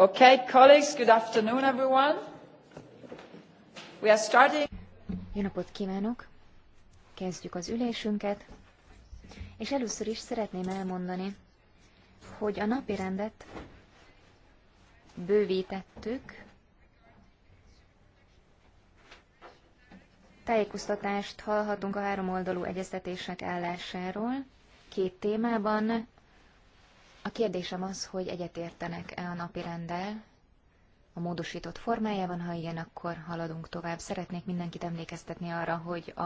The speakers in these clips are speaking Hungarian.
Jó napot kívánok! Kezdjük az ülésünket, és először is szeretném elmondani, hogy a napi rendet bővítettük, tájékoztatást hallhatunk a három oldalú egyeztetések állásáról, két témában, a kérdésem az, hogy egyetértenek-e a napi rendel, a módosított formájában, ha igen, akkor haladunk tovább. Szeretnék mindenkit emlékeztetni arra, hogy a,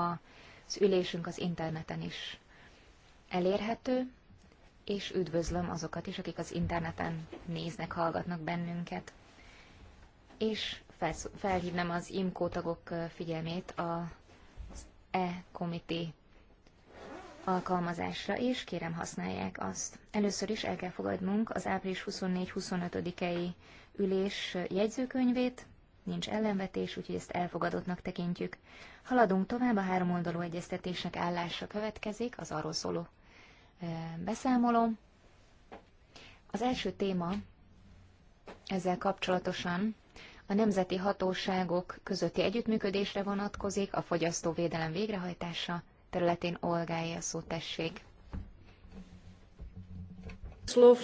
az ülésünk az interneten is elérhető, és üdvözlöm azokat is, akik az interneten néznek, hallgatnak bennünket. És felsz, felhívnám az IMCO tagok figyelmét az E-komité alkalmazásra is, kérem használják azt. Először is el kell fogadnunk az április 24 25 i ülés jegyzőkönyvét, nincs ellenvetés, úgyhogy ezt elfogadottnak tekintjük. Haladunk tovább, a három oldalú egyeztetésnek állása következik, az arról szóló beszámoló. Az első téma ezzel kapcsolatosan a nemzeti hatóságok közötti együttműködésre vonatkozik, a fogyasztóvédelem végrehajtása, területén olgálja a szó, tessék. Eh,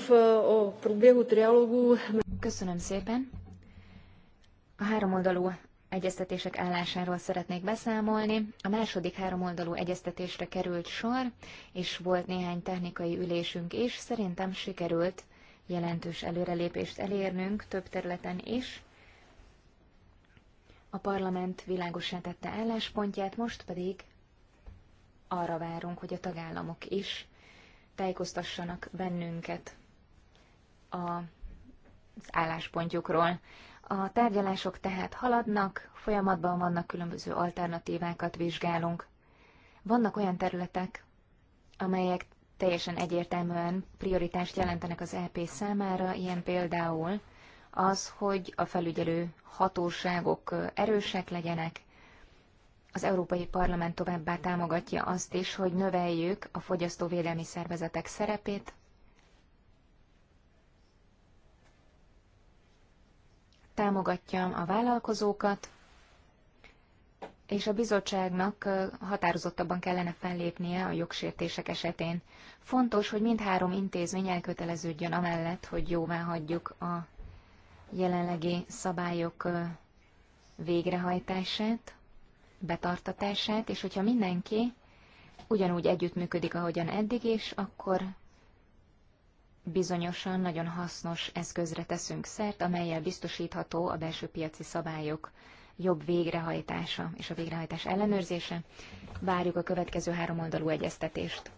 Köszönöm szépen. A háromoldalú egyeztetések állásáról szeretnék beszámolni. A második háromoldalú egyeztetésre került sor, és volt néhány technikai ülésünk is. Szerintem sikerült jelentős előrelépést elérnünk több területen is. A parlament világosan tette álláspontját, most pedig arra várunk, hogy a tagállamok is tájékoztassanak bennünket a az álláspontjukról. A tárgyalások tehát haladnak, folyamatban vannak különböző alternatívákat vizsgálunk. Vannak olyan területek, amelyek teljesen egyértelműen prioritást jelentenek az EP számára, ilyen például az, hogy a felügyelő hatóságok erősek legyenek, az Európai Parlament továbbá támogatja azt is, hogy növeljük a fogyasztóvédelmi szervezetek szerepét, támogatja a vállalkozókat, és a bizottságnak határozottabban kellene fellépnie a jogsértések esetén. Fontos, hogy mindhárom intézmény elköteleződjön amellett, hogy jóvá hagyjuk a jelenlegi szabályok végrehajtását betartatását, és hogyha mindenki ugyanúgy együttműködik, ahogyan eddig is, akkor bizonyosan nagyon hasznos eszközre teszünk szert, amelyel biztosítható a belső piaci szabályok jobb végrehajtása és a végrehajtás ellenőrzése. Várjuk a következő három oldalú egyeztetést.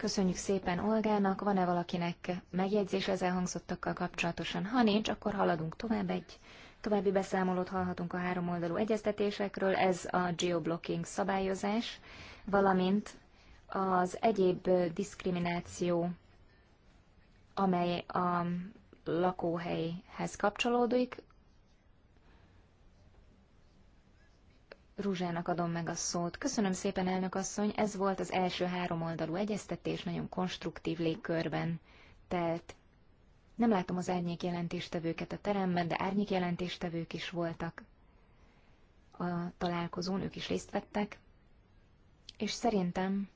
Köszönjük szépen Olgának. Van-e valakinek megjegyzés ezzel hangzottakkal kapcsolatosan? Ha nincs, akkor haladunk tovább egy további beszámolót hallhatunk a három oldalú egyeztetésekről. Ez a geoblocking szabályozás, valamint az egyéb diszkrimináció, amely a lakóhelyhez kapcsolódik, Rúzsának adom meg a szót. Köszönöm szépen, elnök asszony, ez volt az első három oldalú egyeztetés, nagyon konstruktív légkörben telt. Nem látom az árnyék jelentéstevőket a teremben, de árnyék jelentéstevők is voltak a találkozón, ők is részt vettek, és szerintem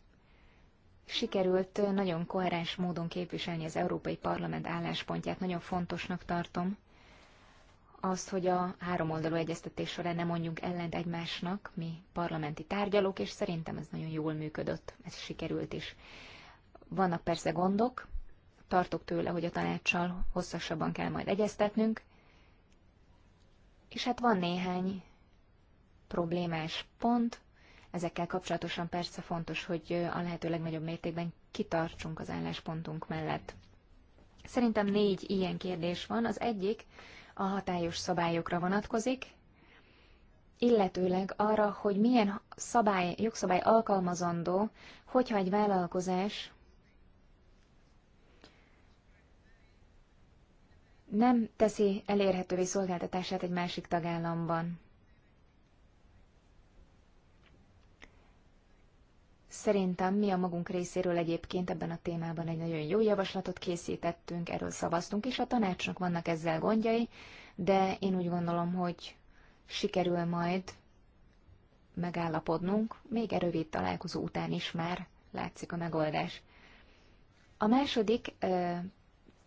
sikerült nagyon koherens módon képviselni az Európai Parlament álláspontját, nagyon fontosnak tartom, azt, hogy a három oldalú egyeztetés során nem mondjunk ellent egymásnak, mi parlamenti tárgyalók, és szerintem ez nagyon jól működött, ez sikerült is. Vannak persze gondok, tartok tőle, hogy a tanácssal hosszasabban kell majd egyeztetnünk, és hát van néhány problémás pont, ezekkel kapcsolatosan persze fontos, hogy a lehető legnagyobb mértékben kitartsunk az álláspontunk mellett. Szerintem négy ilyen kérdés van. Az egyik, a hatályos szabályokra vonatkozik, illetőleg arra, hogy milyen szabály, jogszabály alkalmazandó, hogyha egy vállalkozás nem teszi elérhetővé szolgáltatását egy másik tagállamban. Szerintem mi a magunk részéről egyébként ebben a témában egy nagyon jó javaslatot készítettünk, erről szavaztunk, is, a tanácsnak vannak ezzel gondjai, de én úgy gondolom, hogy sikerül majd megállapodnunk, még egy rövid találkozó után is már látszik a megoldás. A második ö,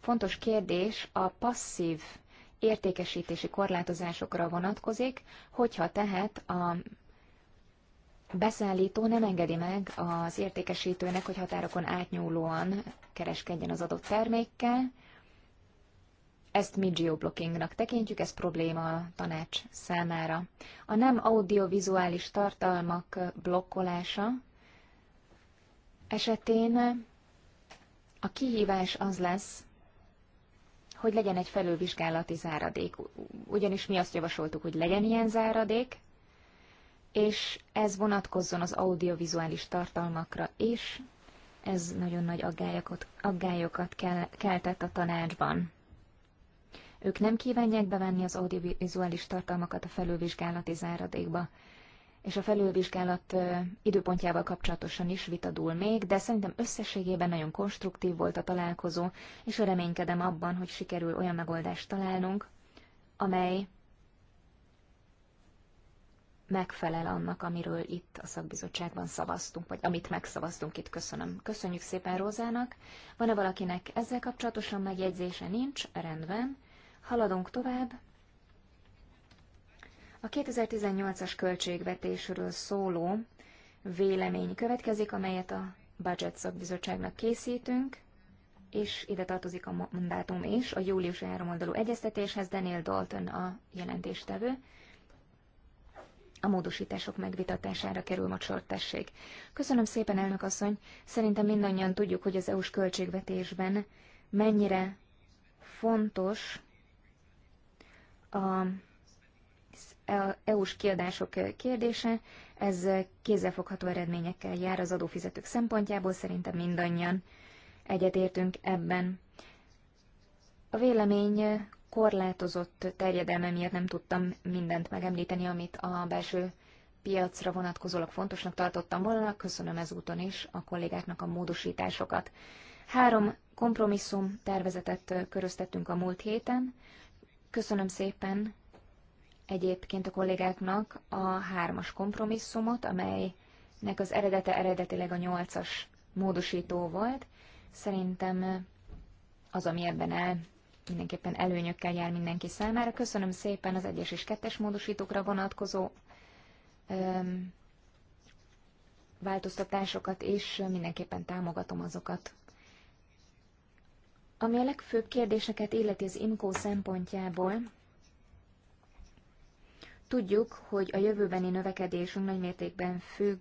fontos kérdés a passzív értékesítési korlátozásokra vonatkozik, hogyha tehát a beszállító nem engedi meg az értékesítőnek, hogy határokon átnyúlóan kereskedjen az adott termékkel. Ezt mi geoblockingnak tekintjük, ez probléma a tanács számára. A nem audiovizuális tartalmak blokkolása esetén a kihívás az lesz, hogy legyen egy felülvizsgálati záradék. Ugyanis mi azt javasoltuk, hogy legyen ilyen záradék, és ez vonatkozzon az audiovizuális tartalmakra is. Ez nagyon nagy aggályokat, aggályokat keltett a tanácsban. Ők nem kívánják bevenni az audiovizuális tartalmakat a felülvizsgálati záradékba. És a felülvizsgálat időpontjával kapcsolatosan is vitadul még, de szerintem összességében nagyon konstruktív volt a találkozó, és reménykedem abban, hogy sikerül olyan megoldást találnunk, amely megfelel annak, amiről itt a szakbizottságban szavaztunk, vagy amit megszavaztunk itt. Köszönöm. Köszönjük szépen Rózának. Van-e valakinek ezzel kapcsolatosan megjegyzése? Nincs. Rendben. Haladunk tovább. A 2018-as költségvetésről szóló vélemény következik, amelyet a Budget Szakbizottságnak készítünk, és ide tartozik a mandátum is, a július 3. oldalú egyeztetéshez Daniel Dalton a jelentéstevő a módosítások megvitatására kerül ma sor, tessék. Köszönöm szépen, elnök asszony. Szerintem mindannyian tudjuk, hogy az EU-s költségvetésben mennyire fontos a EU-s e kiadások kérdése, ez kézzelfogható eredményekkel jár az adófizetők szempontjából, szerintem mindannyian egyetértünk ebben. A vélemény korlátozott terjedelme miatt nem tudtam mindent megemlíteni, amit a belső piacra vonatkozólag fontosnak tartottam volna. Köszönöm ezúton is a kollégáknak a módosításokat. Három kompromisszum tervezetet köröztettünk a múlt héten. Köszönöm szépen egyébként a kollégáknak a hármas kompromisszumot, amelynek az eredete eredetileg a nyolcas módosító volt. Szerintem az, ami ebben áll, mindenképpen előnyökkel jár mindenki számára. Köszönöm szépen az egyes és kettes módosítókra vonatkozó öm, változtatásokat, és mindenképpen támogatom azokat. Ami a legfőbb kérdéseket illeti az IMCO szempontjából, tudjuk, hogy a jövőbeni növekedésünk nagymértékben függ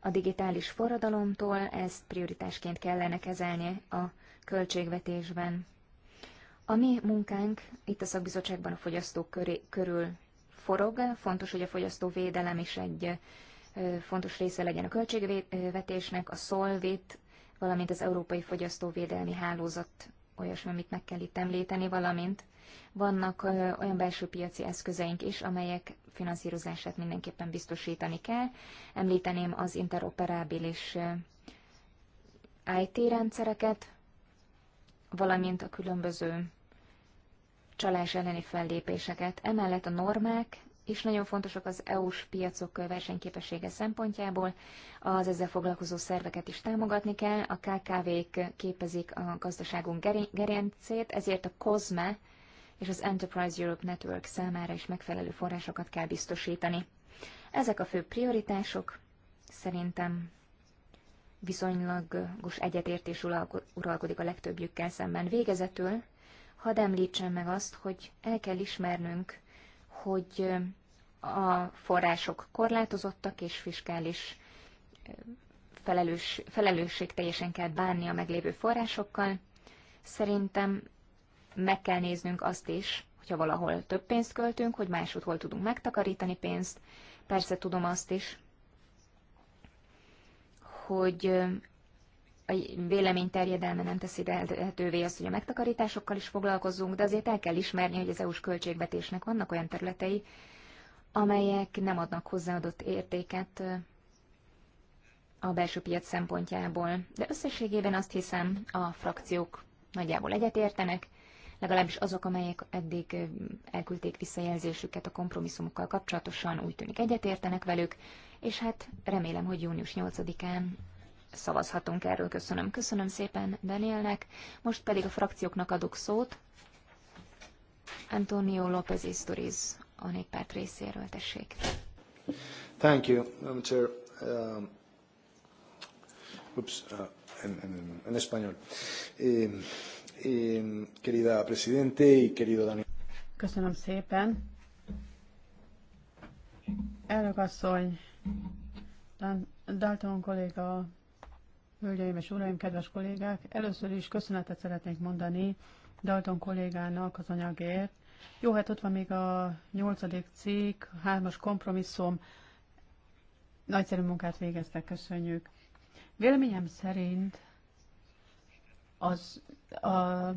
a digitális forradalomtól, ezt prioritásként kellene kezelni a költségvetésben. A mi munkánk itt a szakbizottságban a fogyasztók köré, körül forog. Fontos, hogy a fogyasztóvédelem is egy fontos része legyen a költségvetésnek, a Solvit, valamint az Európai Fogyasztóvédelmi Hálózat olyasmi, amit meg kell itt említeni, valamint vannak olyan belső piaci eszközeink is, amelyek finanszírozását mindenképpen biztosítani kell. Említeném az interoperábilis IT rendszereket, valamint a különböző csalás elleni fellépéseket. Emellett a normák is nagyon fontosak az EU-s piacok versenyképessége szempontjából. Az ezzel foglalkozó szerveket is támogatni kell. A KKV-k képezik a gazdaságunk gerincét, ezért a COSME és az Enterprise Europe Network számára is megfelelő forrásokat kell biztosítani. Ezek a fő prioritások szerintem viszonylagos egyetértés uralkodik a legtöbbjükkel szemben. Végezetül hadd említsem meg azt, hogy el kell ismernünk, hogy a források korlátozottak és fiskális felelős, felelősség teljesen kell bánni a meglévő forrásokkal. Szerintem meg kell néznünk azt is, hogyha valahol több pénzt költünk, hogy máshol tudunk megtakarítani pénzt. Persze tudom azt is, hogy a vélemény terjedelme nem teszi lehetővé azt, hogy a megtakarításokkal is foglalkozzunk, de azért el kell ismerni, hogy az EU-s költségvetésnek vannak olyan területei, amelyek nem adnak hozzáadott értéket a belső piac szempontjából. De összességében azt hiszem, a frakciók nagyjából egyetértenek, legalábbis azok, amelyek eddig elküldték visszajelzésüket a kompromisszumokkal kapcsolatosan, úgy tűnik egyetértenek velük, és hát remélem, hogy június 8-án szavazhatunk erről. Köszönöm. Köszönöm szépen Danielnek. Most pedig a frakcióknak adok szót. Antonio López Isturiz a néppárt részéről, tessék. Thank you, Madam Chair. Um, uh, en, en, en español. Eh, eh, querida Presidente y querido Daniel. Köszönöm szépen. Elnök asszony, Dalton kolléga Hölgyeim és uraim, kedves kollégák! Először is köszönetet szeretnék mondani Dalton kollégának az anyagért. Jó, hát ott van még a nyolcadik cikk, hármas kompromisszum. Nagyszerű munkát végeztek, köszönjük. Véleményem szerint az a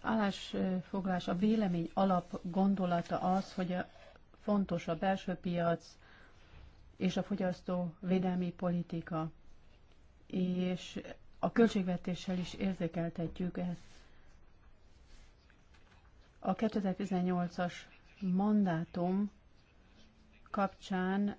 állásfoglalás, a vélemény alap gondolata az, hogy a, fontos a belső piac és a fogyasztó védelmi politika és a költségvetéssel is érzékeltetjük ezt. A 2018-as mandátum kapcsán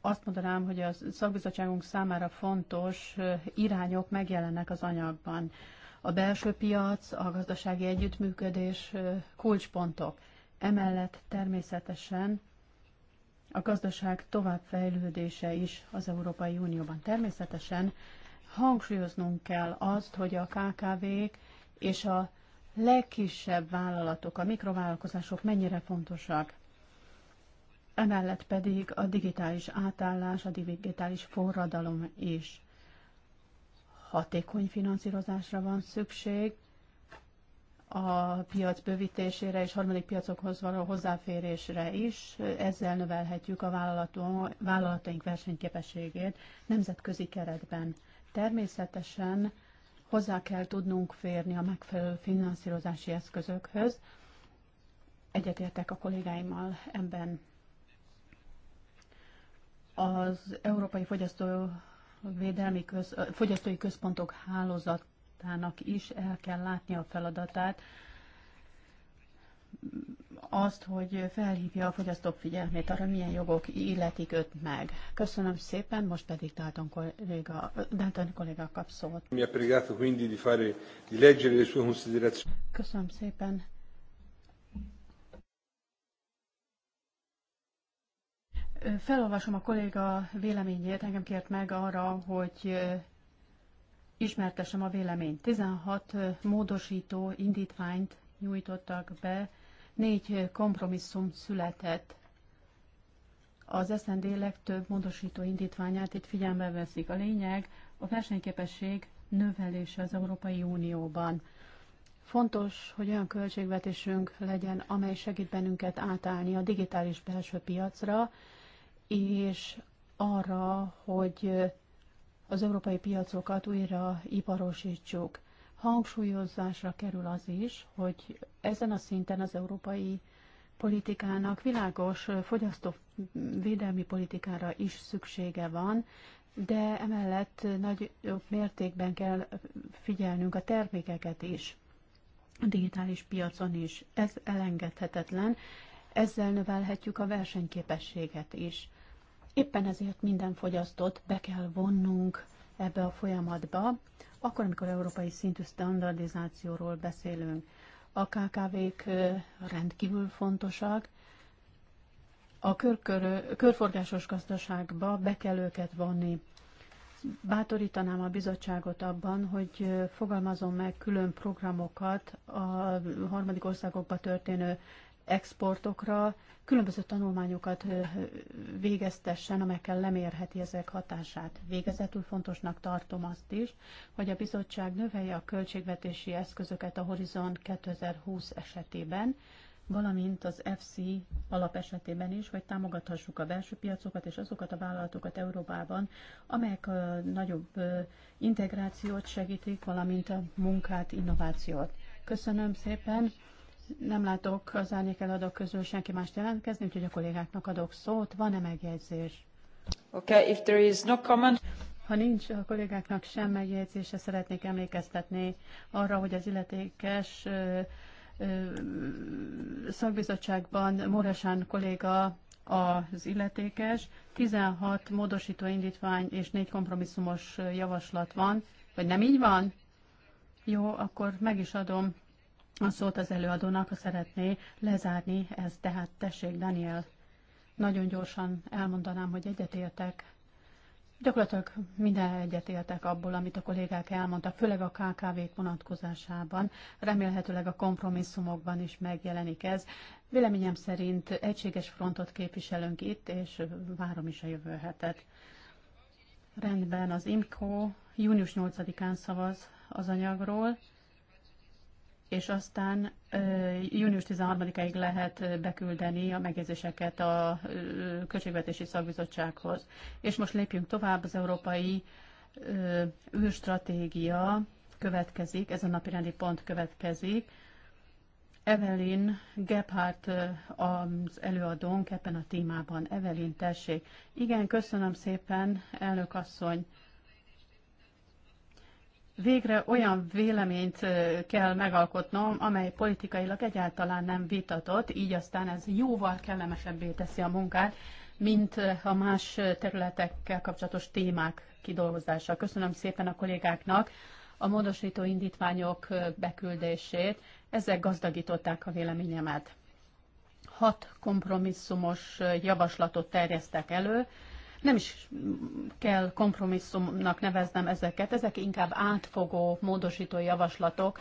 azt mondanám, hogy a szakbizottságunk számára fontos irányok megjelennek az anyagban. A belső piac, a gazdasági együttműködés kulcspontok. Emellett természetesen a gazdaság továbbfejlődése is az Európai Unióban. Természetesen hangsúlyoznunk kell azt, hogy a KKV-k és a legkisebb vállalatok, a mikrovállalkozások mennyire fontosak. Emellett pedig a digitális átállás, a digitális forradalom is. Hatékony finanszírozásra van szükség, a piac bővítésére és harmadik piacokhoz való hozzáférésre is. Ezzel növelhetjük a vállalataink versenyképességét nemzetközi keretben. Természetesen hozzá kell tudnunk férni a megfelelő finanszírozási eszközökhöz. Egyetértek a kollégáimmal ebben. Az Európai Fogyasztó Védelmi Köz, Fogyasztói Központok Hálózat bizottságnak is el kell látni a feladatát, azt, hogy felhívja a fogyasztók figyelmét arra, milyen jogok illetik őt meg. Köszönöm szépen, most pedig Dalton kolléga, Dalton kolléga kap szót. Köszönöm szépen. Felolvasom a kolléga véleményét, engem kért meg arra, hogy ismertessem a véleményt. 16 módosító indítványt nyújtottak be, négy kompromisszum született. Az SZND legtöbb módosító indítványát itt figyelme veszik. A lényeg a versenyképesség növelése az Európai Unióban. Fontos, hogy olyan költségvetésünk legyen, amely segít bennünket átállni a digitális belső piacra, és arra, hogy az európai piacokat újra iparosítsuk. Hangsúlyozásra kerül az is, hogy ezen a szinten az európai politikának világos fogyasztóvédelmi politikára is szüksége van, de emellett nagy mértékben kell figyelnünk a termékeket is, a digitális piacon is. Ez elengedhetetlen, ezzel növelhetjük a versenyképességet is. Éppen ezért minden fogyasztót be kell vonnunk ebbe a folyamatba, akkor, amikor európai szintű standardizációról beszélünk. A KKV-k rendkívül fontosak, a körkör, körforgásos gazdaságba be kell őket vonni. Bátorítanám a bizottságot abban, hogy fogalmazom meg külön programokat a harmadik országokba történő exportokra, különböző tanulmányokat végeztessen, amelyekkel lemérheti ezek hatását. Végezetül fontosnak tartom azt is, hogy a bizottság növelje a költségvetési eszközöket a Horizon 2020 esetében, valamint az FC alap esetében is, hogy támogathassuk a belső piacokat és azokat a vállalatokat Európában, amelyek a nagyobb integrációt segítik, valamint a munkát, innovációt. Köszönöm szépen! Nem látok az árnyék eladók közül senki mást jelentkezni, úgyhogy a kollégáknak adok szót. Van-e megjegyzés? Okay, if there is no comment... Ha nincs a kollégáknak sem megjegyzése, szeretnék emlékeztetni arra, hogy az illetékes ö, ö, szakbizottságban Moresán kolléga az illetékes. 16 módosító indítvány és 4 kompromisszumos javaslat van, vagy nem így van? Jó, akkor meg is adom a szót az előadónak, ha szeretné lezárni ez tehát tessék, Daniel. Nagyon gyorsan elmondanám, hogy egyetértek. Gyakorlatilag minden egyetértek abból, amit a kollégák elmondtak, főleg a KKV-k vonatkozásában. Remélhetőleg a kompromisszumokban is megjelenik ez. Véleményem szerint egységes frontot képviselünk itt, és várom is a jövő hetet. Rendben, az IMCO június 8-án szavaz az anyagról és aztán június 13-ig lehet beküldeni a megjegyzéseket a Költségvetési Szakbizottsághoz. És most lépjünk tovább, az Európai űrstratégia következik, ez a napi rendi pont következik. Evelyn Gebhardt az előadónk ebben a témában. Evelyn, tessék. Igen, köszönöm szépen, elnök asszony végre olyan véleményt kell megalkotnom, amely politikailag egyáltalán nem vitatott, így aztán ez jóval kellemesebbé teszi a munkát, mint a más területekkel kapcsolatos témák kidolgozása. Köszönöm szépen a kollégáknak a módosító indítványok beküldését, ezek gazdagították a véleményemet. Hat kompromisszumos javaslatot terjesztek elő, nem is kell kompromisszumnak neveznem ezeket, ezek inkább átfogó, módosító javaslatok,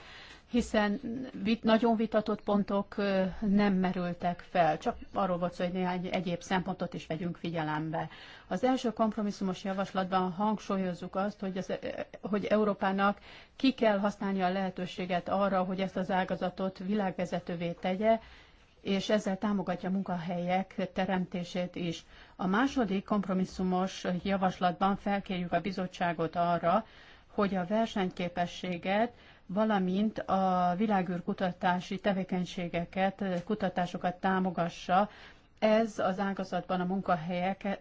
hiszen vit, nagyon vitatott pontok nem merültek fel, csak arról volt szó, hogy néhány egyéb szempontot is vegyünk figyelembe. Az első kompromisszumos javaslatban hangsúlyozzuk azt, hogy, az, hogy Európának ki kell használni a lehetőséget arra, hogy ezt az ágazatot világvezetővé tegye, és ezzel támogatja munkahelyek teremtését is. A második kompromisszumos javaslatban felkérjük a bizottságot arra, hogy a versenyképességet, valamint a világűrkutatási tevékenységeket, kutatásokat támogassa, ez az ágazatban a munkahelyek eh,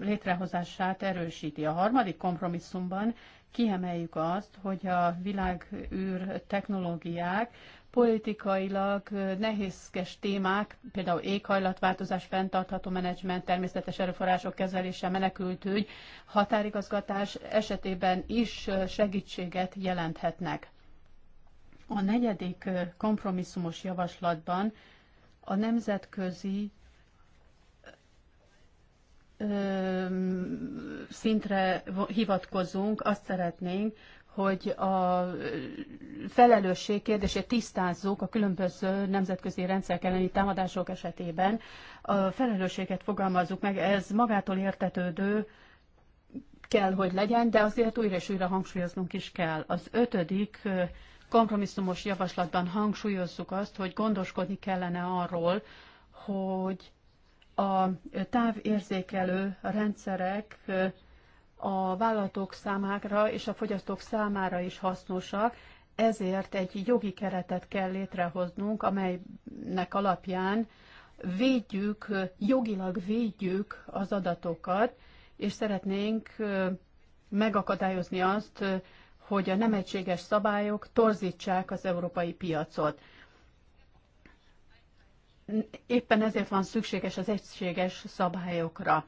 létrehozását erősíti. A harmadik kompromisszumban kiemeljük azt, hogy a világűr technológiák politikailag nehézkes témák, például éghajlatváltozás, fenntartható menedzsment, természetes erőforrások kezelése, menekültügy, határigazgatás esetében is segítséget jelenthetnek. A negyedik kompromisszumos javaslatban a nemzetközi szintre hivatkozunk, azt szeretnénk, hogy a felelősség kérdését tisztázzuk a különböző nemzetközi rendszerek elleni támadások esetében. A felelősséget fogalmazzuk meg, ez magától értetődő kell, hogy legyen, de azért újra és újra hangsúlyoznunk is kell. Az ötödik kompromisszumos javaslatban hangsúlyozzuk azt, hogy gondoskodni kellene arról, hogy a távérzékelő rendszerek a vállalatok számára és a fogyasztók számára is hasznosak, ezért egy jogi keretet kell létrehoznunk, amelynek alapján védjük, jogilag védjük az adatokat, és szeretnénk megakadályozni azt, hogy a nem egységes szabályok torzítsák az európai piacot. Éppen ezért van szükséges az egységes szabályokra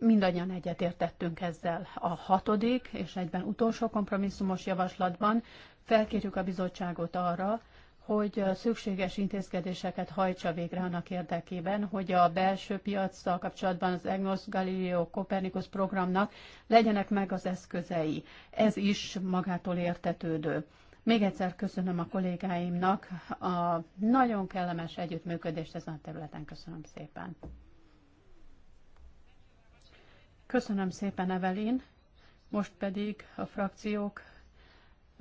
mindannyian egyetértettünk ezzel. A hatodik és egyben utolsó kompromisszumos javaslatban felkérjük a bizottságot arra, hogy szükséges intézkedéseket hajtsa végre annak érdekében, hogy a belső piacsal kapcsolatban az Egnosz Galileo Copernicus programnak legyenek meg az eszközei. Ez is magától értetődő. Még egyszer köszönöm a kollégáimnak a nagyon kellemes együttműködést ezen a területen. Köszönöm szépen. Köszönöm szépen, Evelin. Most pedig a frakciók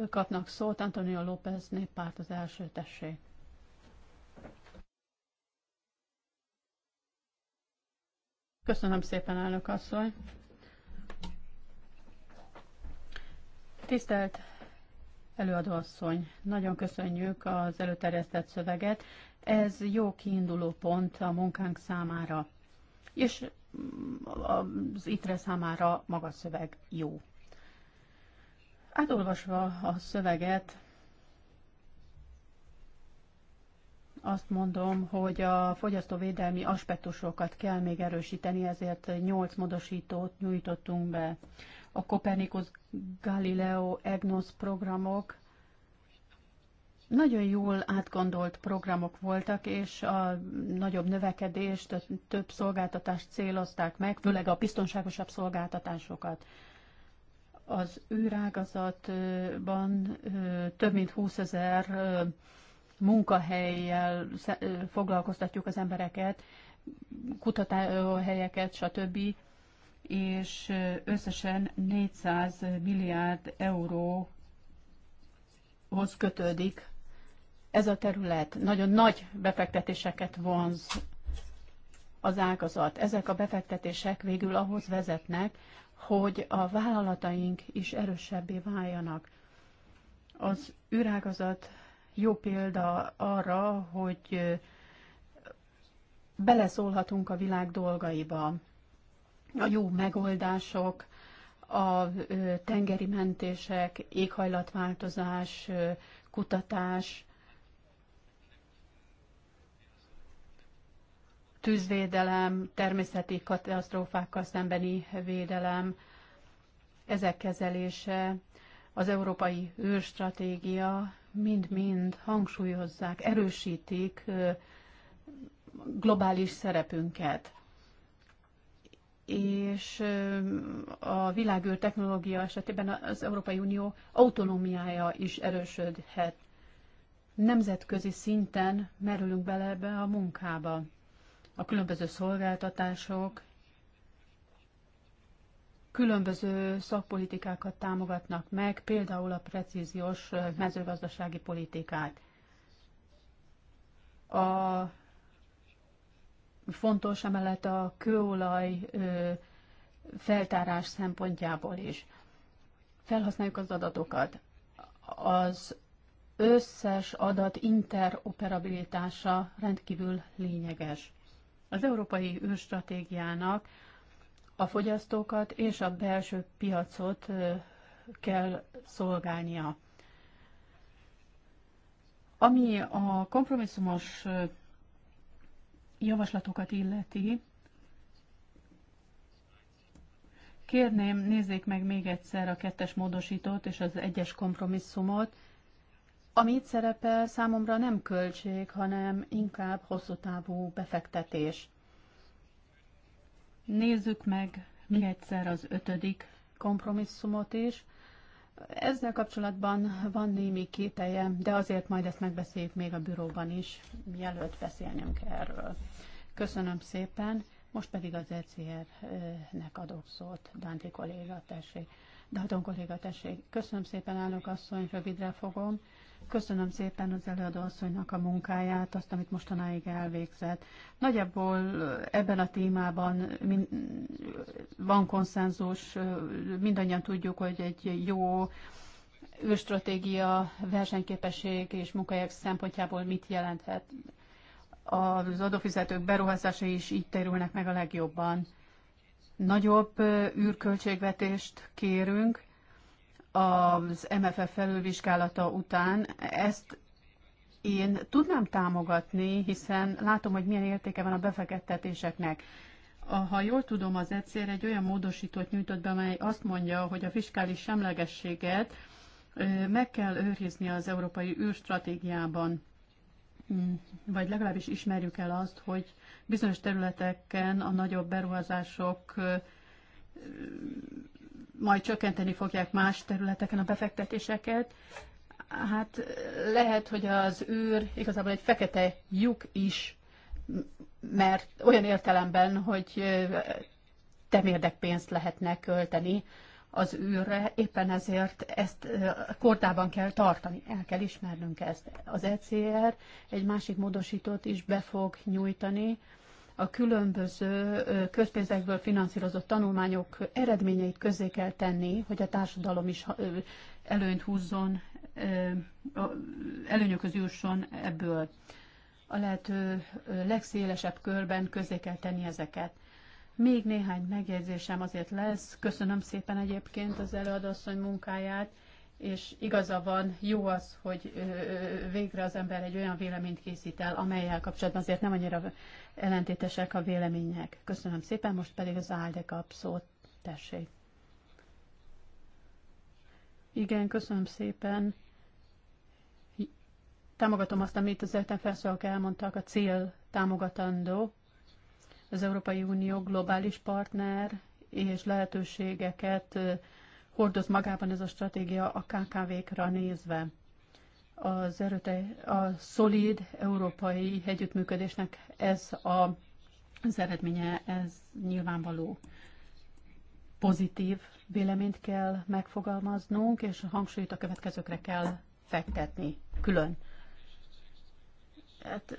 kapnak szót. Antonio López néppárt az első tessék. Köszönöm szépen, elnök asszony. Tisztelt előadó asszony, nagyon köszönjük az előterjesztett szöveget. Ez jó kiinduló pont a munkánk számára és mm, az ITRE számára maga szöveg jó. Átolvasva a szöveget, azt mondom, hogy a fogyasztóvédelmi aspektusokat kell még erősíteni, ezért 8 módosítót nyújtottunk be. A Copernicus Galileo EGNOS programok nagyon jól átgondolt programok voltak, és a nagyobb növekedést, a több szolgáltatást célozták meg, főleg a biztonságosabb szolgáltatásokat. Az űrágazatban több mint 20 ezer munkahelyjel foglalkoztatjuk az embereket, kutatóhelyeket, stb. És összesen 400 milliárd euróhoz kötődik ez a terület nagyon nagy befektetéseket vonz az ágazat. Ezek a befektetések végül ahhoz vezetnek, hogy a vállalataink is erősebbé váljanak. Az űrágazat jó példa arra, hogy beleszólhatunk a világ dolgaiba. A jó megoldások, a tengeri mentések, éghajlatváltozás, kutatás, tűzvédelem, természeti katasztrófákkal szembeni védelem, ezek kezelése, az európai űrstratégia mind-mind hangsúlyozzák, erősítik globális szerepünket. És a világőr technológia esetében az Európai Unió autonómiája is erősödhet. Nemzetközi szinten merülünk bele ebbe a munkába a különböző szolgáltatások különböző szakpolitikákat támogatnak meg, például a precíziós mezőgazdasági politikát. A fontos emellett a kőolaj feltárás szempontjából is. Felhasználjuk az adatokat. Az összes adat interoperabilitása rendkívül lényeges. Az európai űrstratégiának a fogyasztókat és a belső piacot kell szolgálnia. Ami a kompromisszumos javaslatokat illeti, kérném, nézzék meg még egyszer a kettes módosítót és az egyes kompromisszumot, ami itt szerepel, számomra nem költség, hanem inkább hosszú távú befektetés. Nézzük meg még egyszer az ötödik kompromisszumot is. Ezzel kapcsolatban van némi kételje, de azért majd ezt megbeszéljük még a büróban is, mielőtt beszélnünk erről. Köszönöm szépen, most pedig az ECR-nek adok szót, Dante kolléga, tessék. Dalton kolléga, tessék. Köszönöm szépen, állok asszony, rövidre fogom. Köszönöm szépen az előadó asszonynak a munkáját, azt, amit mostanáig elvégzett. Nagyjából ebben a témában van konszenzus, mindannyian tudjuk, hogy egy jó űrstratégia, versenyképesség és munkahelyek szempontjából mit jelenthet. Az adófizetők beruházásai is így terülnek meg a legjobban. Nagyobb űrköltségvetést kérünk, az MFF felülvizsgálata után. Ezt én tudnám támogatni, hiszen látom, hogy milyen értéke van a befektetéseknek. Ha jól tudom, az egyszer egy olyan módosítót nyújtott be, amely azt mondja, hogy a fiskális semlegességet meg kell őrizni az európai űrstratégiában. Mm, vagy legalábbis ismerjük el azt, hogy bizonyos területeken a nagyobb beruházások majd csökkenteni fogják más területeken a befektetéseket. Hát lehet, hogy az űr igazából egy fekete lyuk is, mert olyan értelemben, hogy temérdek pénzt lehetne költeni az űrre, éppen ezért ezt kordában kell tartani, el kell ismernünk ezt. Az ECR egy másik módosítót is be fog nyújtani, a különböző közpénzekből finanszírozott tanulmányok eredményeit közé kell tenni, hogy a társadalom is előnyt húzzon, előnyököz jusson ebből. A lehető legszélesebb körben közé kell tenni ezeket. Még néhány megjegyzésem azért lesz. Köszönöm szépen egyébként az előadasszony munkáját és igaza van, jó az, hogy végre az ember egy olyan véleményt készít el, amelyel kapcsolatban azért nem annyira ellentétesek a vélemények. Köszönöm szépen, most pedig az ALDE kap szót. Tessék. Igen, köszönöm szépen. Támogatom azt, amit az elten felszólalók elmondtak, a cél támogatandó. Az Európai Unió globális partner, és lehetőségeket hordoz magában ez a stratégia a KKV-kra nézve. Az erőte, a szolid európai együttműködésnek ez a, az eredménye, ez nyilvánvaló pozitív véleményt kell megfogalmaznunk, és a hangsúlyt a következőkre kell fektetni külön. Hát,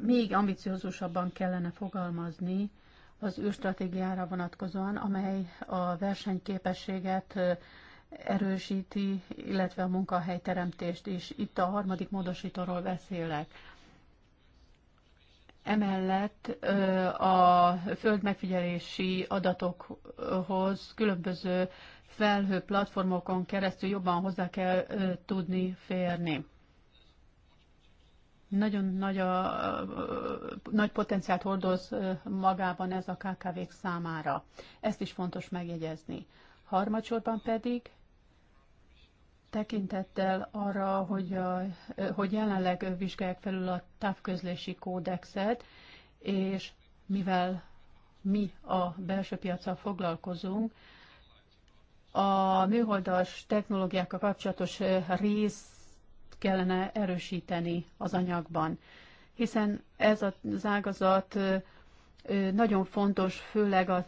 még ambiciózusabban kellene fogalmazni, az űrstratégiára vonatkozóan, amely a versenyképességet erősíti, illetve a munkahelyteremtést is. Itt a harmadik módosítóról beszélek. Emellett a földmegfigyelési adatokhoz különböző felhő platformokon keresztül jobban hozzá kell tudni férni. Nagyon nagy, a, nagy potenciált hordoz magában ez a KKV-k számára. Ezt is fontos megjegyezni. Harmadsorban pedig tekintettel arra, hogy, a, hogy jelenleg vizsgálják felül a távközlési kódexet, és mivel mi a belső piacsal foglalkozunk, a műholdas technológiákkal kapcsolatos rész kellene erősíteni az anyagban, hiszen ez az ágazat nagyon fontos, főleg a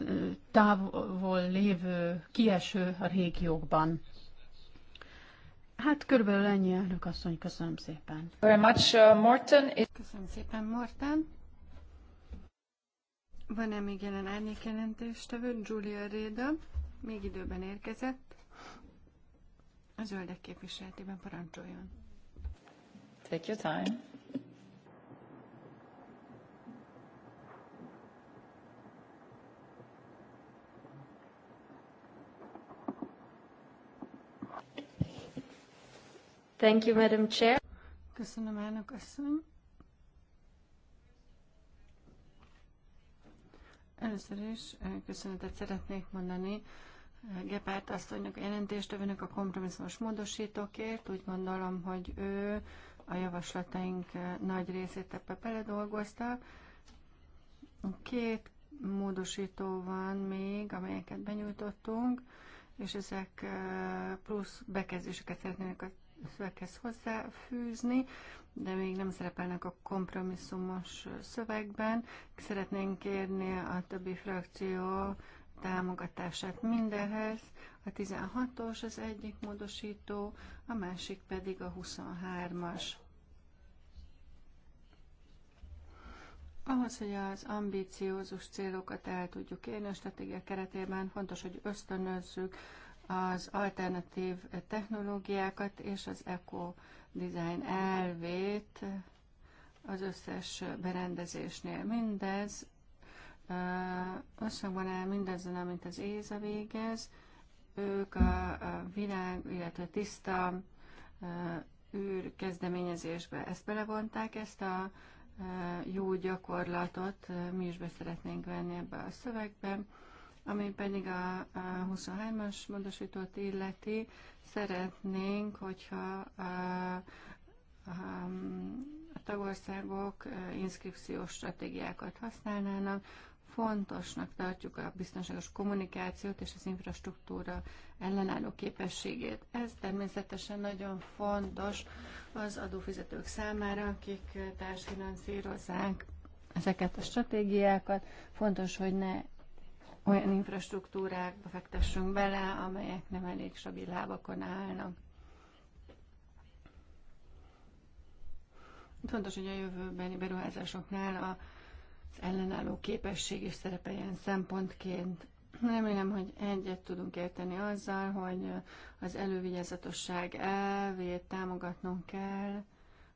távol lévő, kieső régiókban. Hát körülbelül ennyi, elnök asszony, köszönöm szépen. Very much, uh, Morten. Köszönöm szépen, Morten. Van-e még jelen árnyékjelentéstevő? Julia Réda még időben érkezett. A zöldek képviseletében parancsoljon. Take your time. Thank you, Madam Chair. Köszönöm, elnök asszony. Először is eh, köszönetet szeretnék mondani eh, Gepárt asszonynak a jelentéstevőnek a kompromisszumos módosítókért. Úgy gondolom, hogy ő a javaslataink eh, nagy részét ebbe beledolgoztak. Két módosító van még, amelyeket benyújtottunk, és ezek eh, plusz bekezdéseket szeretnének a szöveghez hozzáfűzni, de még nem szerepelnek a kompromisszumos szövegben. Szeretnénk kérni a többi frakció támogatását mindenhez. A 16-os az egyik módosító, a másik pedig a 23-as. Ahhoz, hogy az ambíciózus célokat el tudjuk érni a stratégia keretében, fontos, hogy ösztönözzük az alternatív technológiákat és az eco-design elvét az összes berendezésnél. Mindez összhangban áll mindezzel, amit az ÉZA végez. Ők a, a világ, illetve tiszta űr kezdeményezésbe ezt belevonták, ezt a jó gyakorlatot mi is be szeretnénk venni ebbe a szövegbe, ami pedig a 23-as módosítót illeti, szeretnénk, hogyha a, a, a tagországok inszkripciós stratégiákat használnának, Fontosnak tartjuk a biztonságos kommunikációt és az infrastruktúra ellenálló képességét. Ez természetesen nagyon fontos az adófizetők számára, akik társfinanszírozzák ezeket a stratégiákat. Fontos, hogy ne olyan infrastruktúrákba fektessünk bele, amelyek nem elég stabil lábakon állnak. Fontos, hogy a jövőbeni beruházásoknál a ellenálló képesség is szerepeljen szempontként. Remélem, hogy egyet tudunk érteni azzal, hogy az elővigyázatosság elvét támogatnunk kell,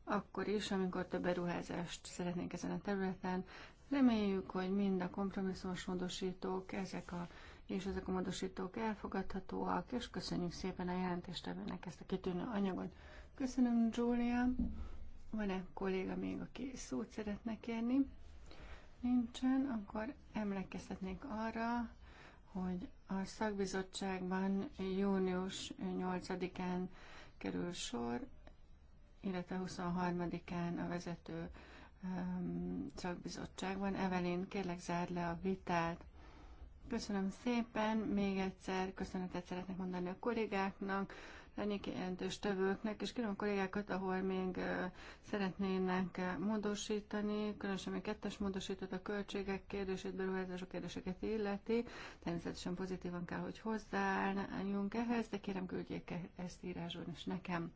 akkor is, amikor több beruházást szeretnénk ezen a területen. Reméljük, hogy mind a kompromisszumos módosítók, ezek a, és ezek a módosítók elfogadhatóak, és köszönjük szépen a jelentést jelentéstevőnek ezt a kitűnő anyagot. Köszönöm, Julia. Van-e kolléga még, aki szót szeretne kérni? nincsen, akkor emlékeztetnék arra, hogy a szakbizottságban június 8-án kerül sor, illetve 23-án a vezető ehm, szakbizottságban. Evelin, kérlek zárd le a vitát. Köszönöm szépen, még egyszer köszönetet szeretnék mondani a kollégáknak, árnyék jelentős tevőknek és külön kollégákat, ahol még szeretnének módosítani, különösen még kettes módosított a költségek kérdését, beruházások kérdéseket illeti. Természetesen pozitívan kell, hogy hozzáálljunk ehhez, de kérem küldjék e-, ezt írásban is nekem.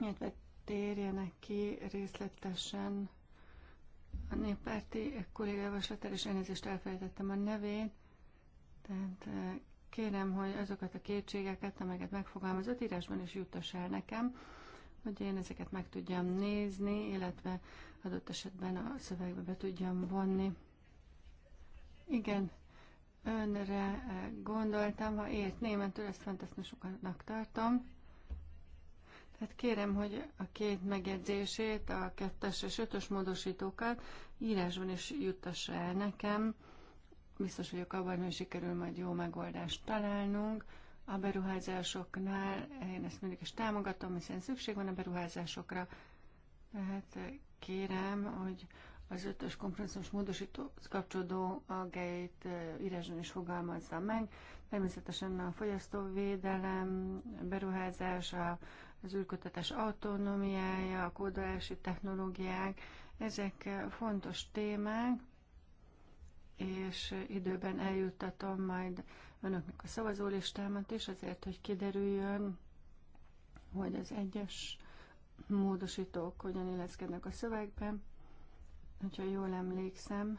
Illetve térjenek ki részletesen a néppárti kollégával és elnézést elfelejtettem a nevén, tehát kérem, hogy azokat a kétségeket, amelyeket megfogalmazott, írásban is juttas el nekem, hogy én ezeket meg tudjam nézni, illetve adott esetben a szövegbe be tudjam vonni. Igen, önre gondoltam, ha ért németül, ezt fantasztikusoknak tartom. Tehát kérem, hogy a két megjegyzését, a kettes és ötös módosítókat írásban is juttassa el nekem, biztos vagyok abban, hogy sikerül majd jó megoldást találnunk. A beruházásoknál én ezt mindig is támogatom, hiszen szükség van a beruházásokra. Tehát kérem, hogy az ötös kompromisszumos módosító kapcsolódó aggályait írásban is fogalmazza meg. Természetesen a fogyasztóvédelem, a beruházás, az űrkutatás autonómiája, a kódolási technológiák, ezek fontos témák, és időben eljuttatom majd önöknek a szavazólistámat is, azért, hogy kiderüljön, hogy az egyes módosítók hogyan illeszkednek a szövegben. Hogyha jól emlékszem,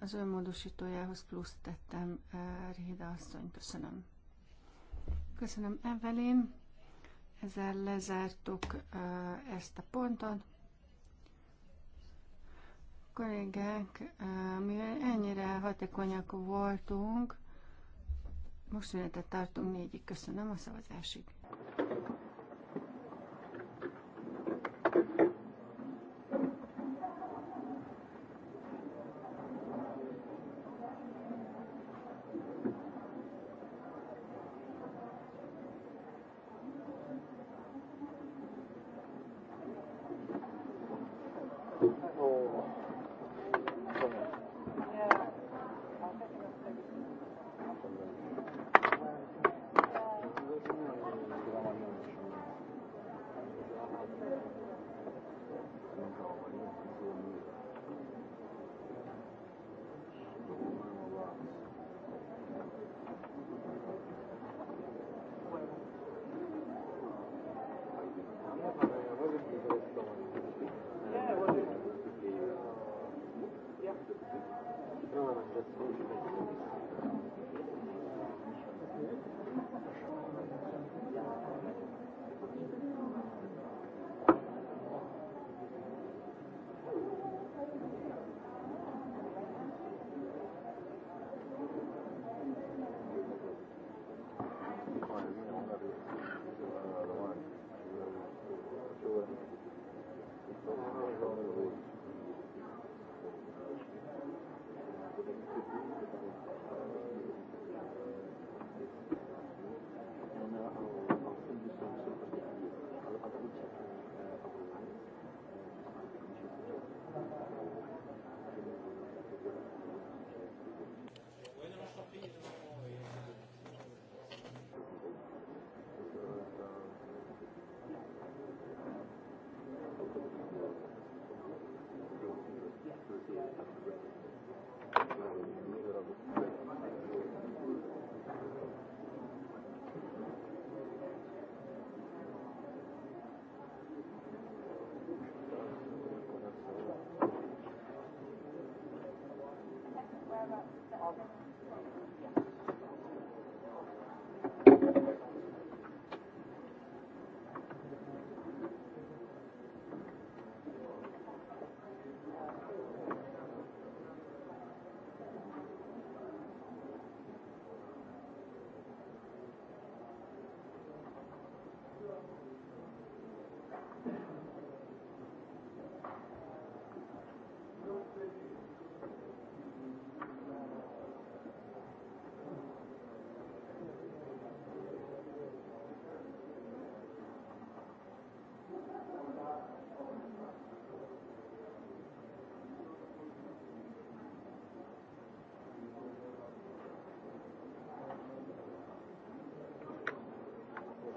az ön módosítójához plusz tettem, eh, Réda asszony, köszönöm. Köszönöm, Evelyn. Ezzel lezártuk eh, ezt a pontot kollégák, mivel ennyire hatékonyak voltunk, most szünetet tartunk négyig. Köszönöm a szavazásig.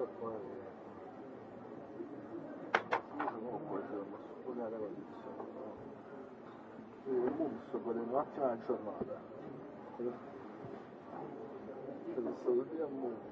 Mundo, agora ele não atlântico nada. Ele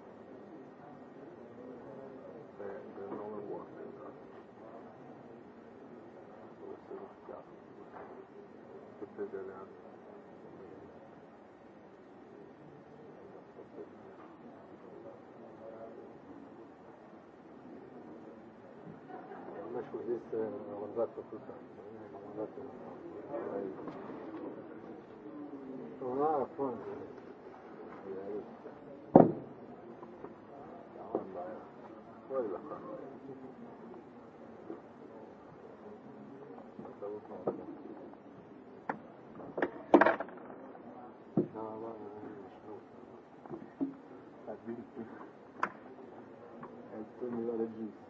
здесь ландзаться тут. Она понял. Thank you.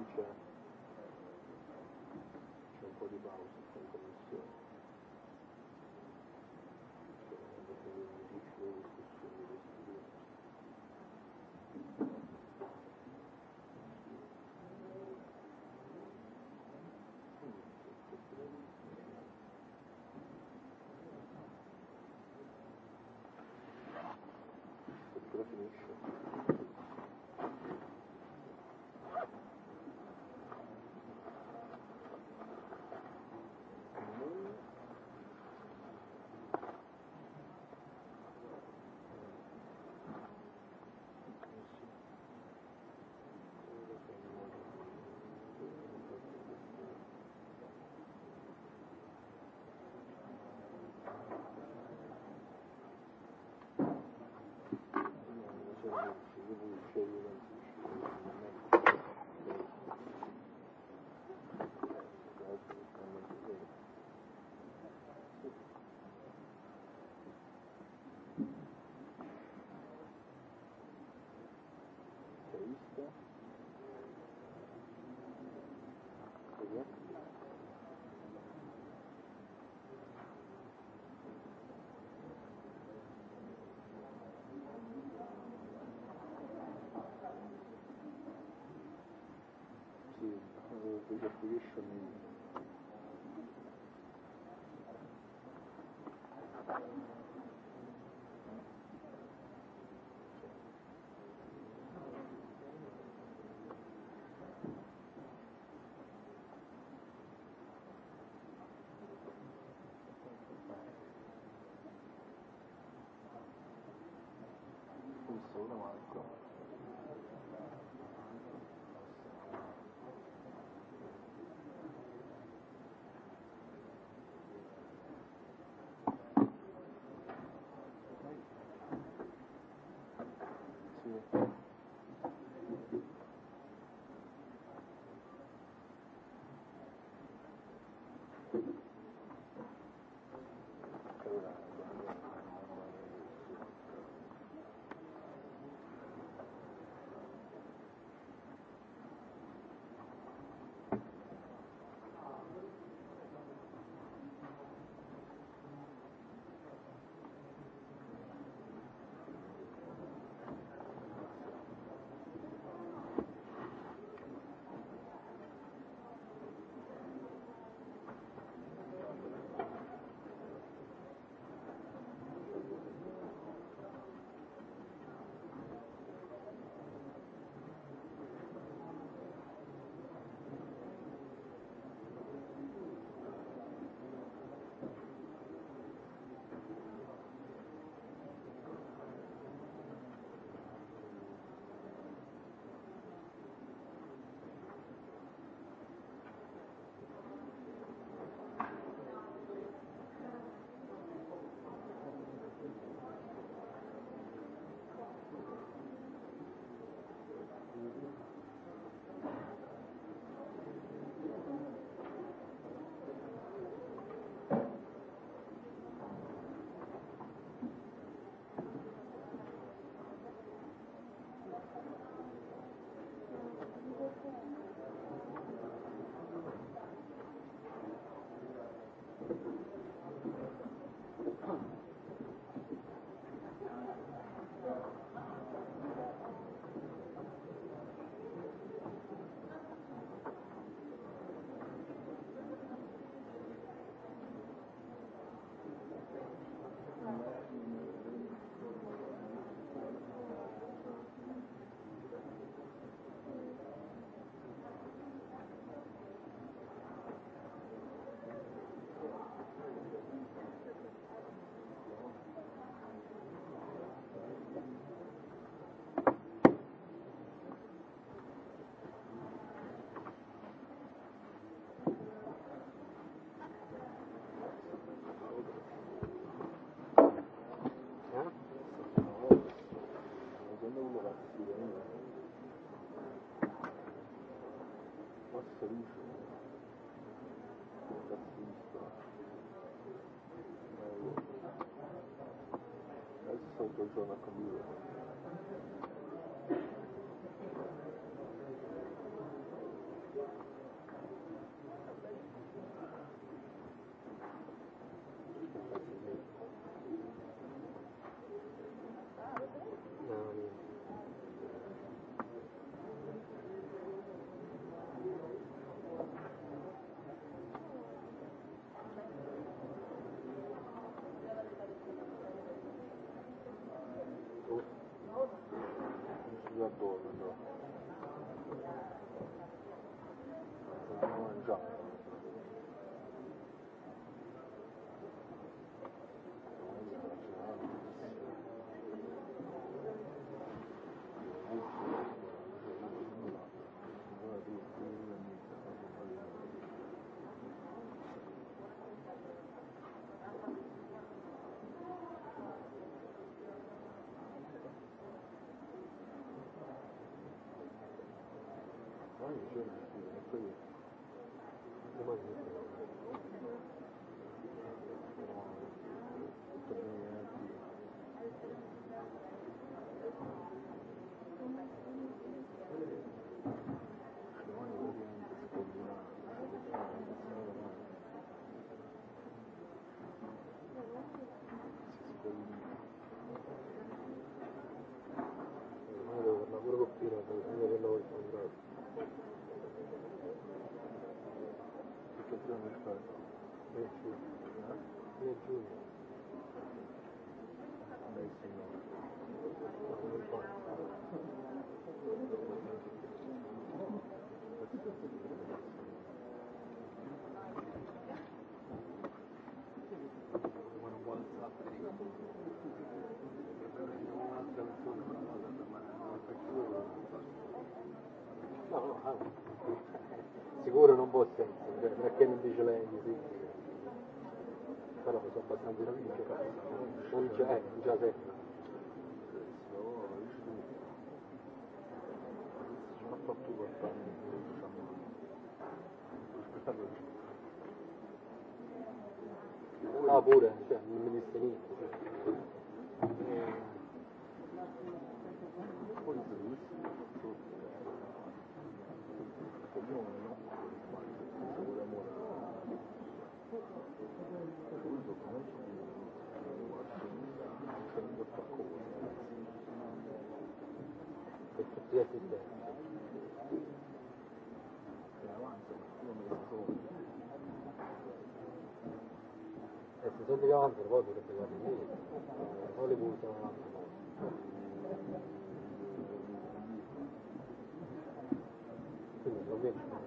Comunque c'è un po' di pausa in commissione. Grazie. Thank you. recreation Szóval, amikor gondolnak a műanyag. dolgozol. Mondja. Köszönöm. sicuro non può senso, perché non dice lei di sì. Però sono abbastanza ravinto. Non c'è, eh, non c'è senso. fatto Ah pure, cioè, non mi disse niente. Vogliamo per voi perché pagate lì, poi le buttano un altro posto. Quindi lo vedo.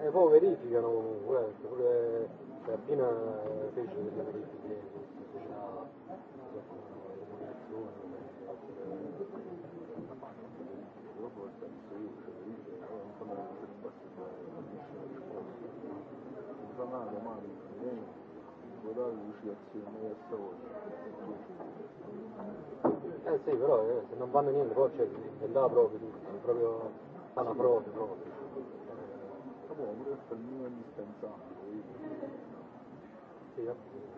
E poi pure Serpina fece delle verifiche Eh sì, però eh, se non vanno niente, poi c'è andava proprio tutto, proprio alla prova, proprio. Proprio pure eh, per il mio indispensabile. Sì, appunto.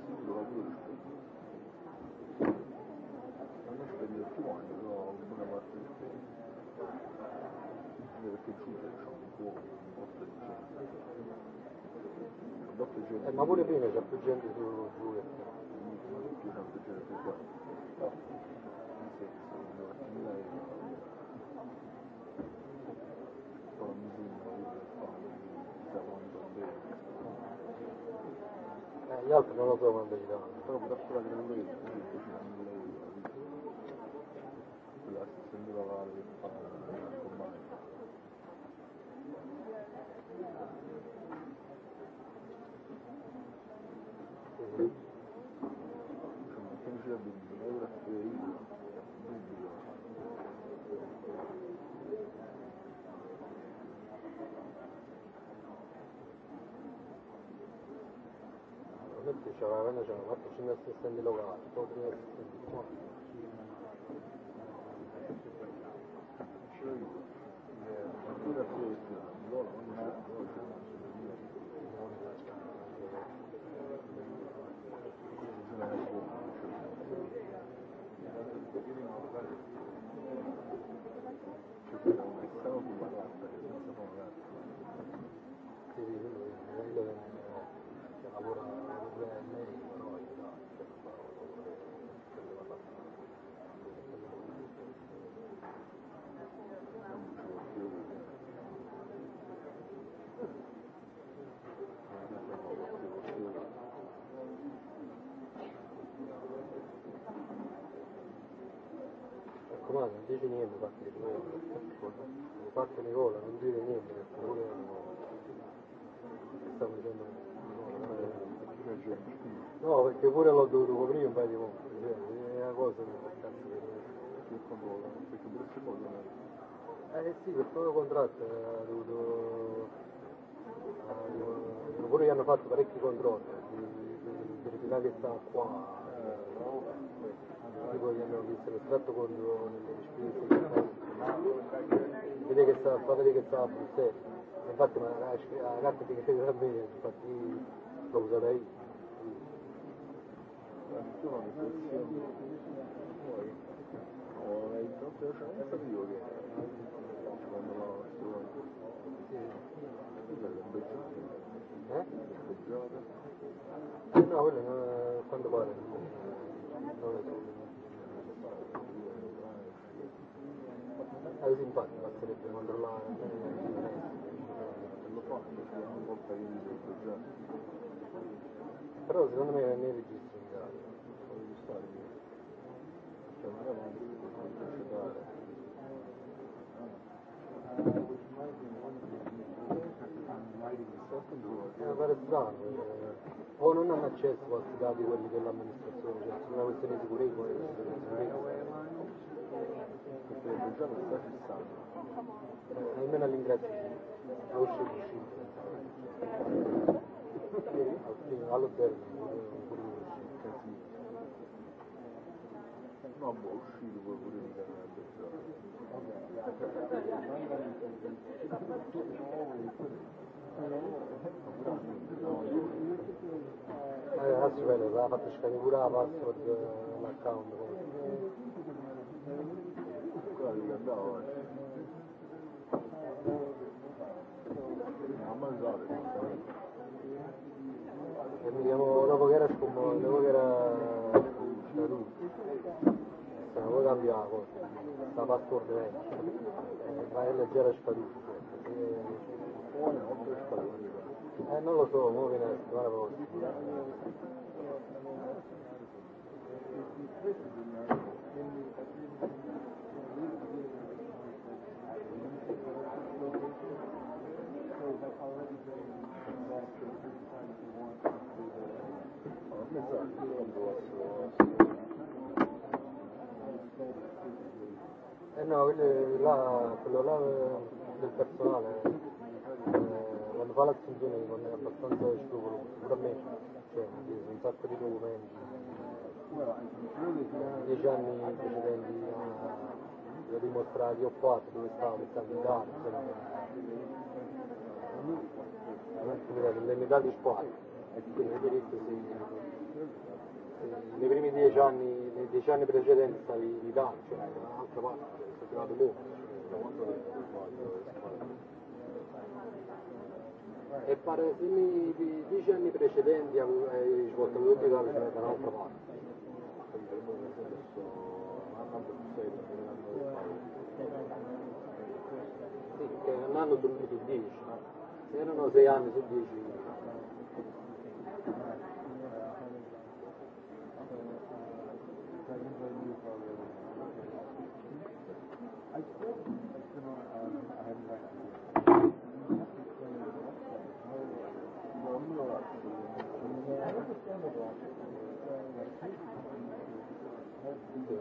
Giulia. Eh, ma pure prima c'è più gente su Giulia. Eh, gli altri non lo so quando gli danno. Però lascio la grande vita, quella sentendo la valle che fa il comando. Xavier Nacional, počíme se sem vylogat. fatemi gola, non dire niente, perché è volevo... Stavo dicendo... No, perché pure l'ho dovuto coprire un paio di volte, cioè, è una cosa che cazzo che... Che controlla, perché pure si può Eh sì, per proprio contratto eh, ha dovuto... Eh, pure gli hanno fatto parecchi controlli, per eh, il che stava qua, eh, eh, no? Tipo gli hanno visto l'estratto con le spese, Vedete che sta, vedete che sta a Bruxelles. Infatti mi ha ragazzi che sei da bene, infatti lo userei. Poi, ho il proprio scienza di yoga. Quando l'ho studiato. Eh? Peggiorata. No, quello quando muore. Non lo so az impactnak szeretném gondolni. Però secondo me nei registri in grado, voglio gustare io. Cioè magari non devo concentrare. Pare strano, eh. o non hanno accesso a questi dati quelli dell'amministrazione, cioè sulla questione di sicurezza, Perché il Almeno all'ingresso. A uscire, uscire. All'hotel, pure uscire, casino. No, ma uscire pure pure in Vabbè. Adesso vede, la fatto scaricare la password eh, l'account. Emiliano dopo che era scommo, dopo che era caduto, se ne vuoi cambiare la cosa, sta pastorte vecchia, ma è leggera scaduta, eh non lo so, mo viene la settimana prossima. Eh no, quello là, quello là del personale, eh, quando fa la scansione è abbastanza scrupoloso, pure a me, cioè, e un sacco di documenti. Déjà mi precedenti a eh, dimostrare che ho dove stavo candidato, nelle metà di eh, nei primi dieci anni, nei dieci anni precedenti stavi in Italia, cioè un'altra parte, e pare se dieci anni precedenti hai svolto tutti i da un'altra parte tendremos desde 10 erano 6 anni su 10 I still,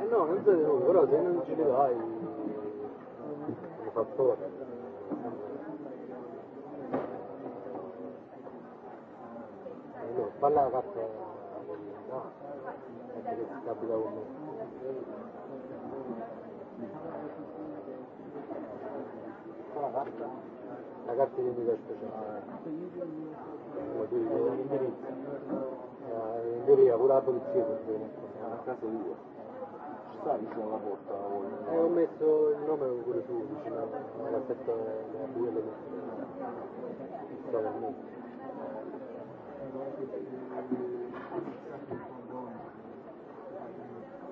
Eh no, non so, ora se non ci li dai il fattore. Eh no, parla la carta. Thank you. Ragazzi che mi piace speciale. L'indirizzo. In teoria pure la polizia per bene. A casa tua. Ci sta vicino alla porta? Eh, ho messo il nome pure tu vicino alla setta della buia. Sta me.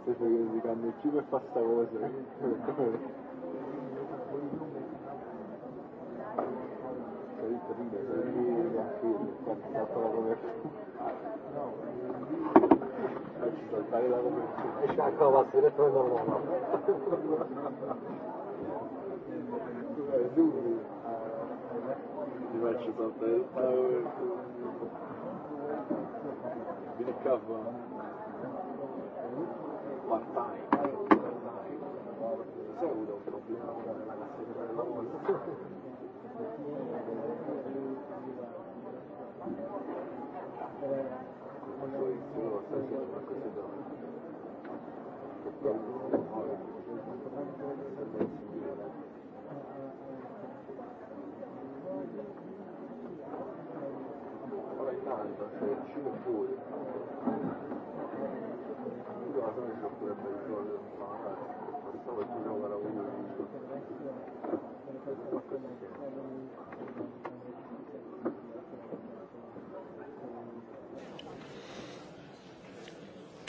Se si cambia il cibo e fa sta cosa. És akkor szület, hogy nem volna. Kíváncsi az Minek kávva? Partáj. Pseudo-probléma. Köszönöm szépen!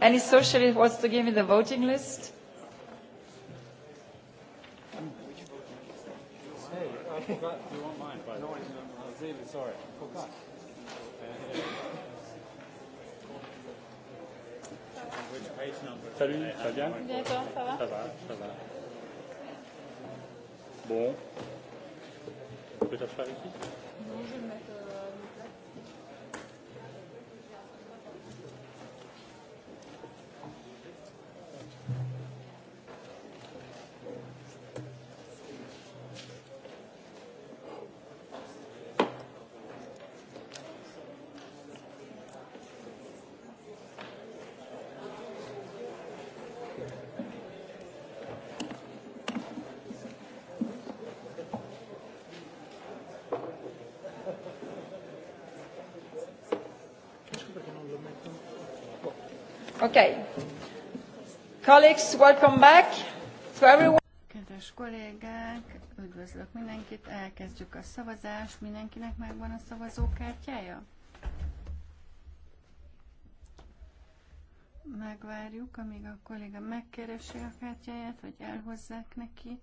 Any socialist wants to give me the voting list? Hey, I forgot. You want mine, by the I was really sorry. I forgot. Salut, ça va bien ça va Ça va, ça va. Bon. Peut-être t'asseoir ici Non, je vais le mettre. Kedves kollégák, üdvözlök mindenkit, elkezdjük a szavazást. Mindenkinek megvan a szavazókártyája? Megvárjuk, amíg a kolléga megkeresi a kártyáját, vagy elhozzák neki.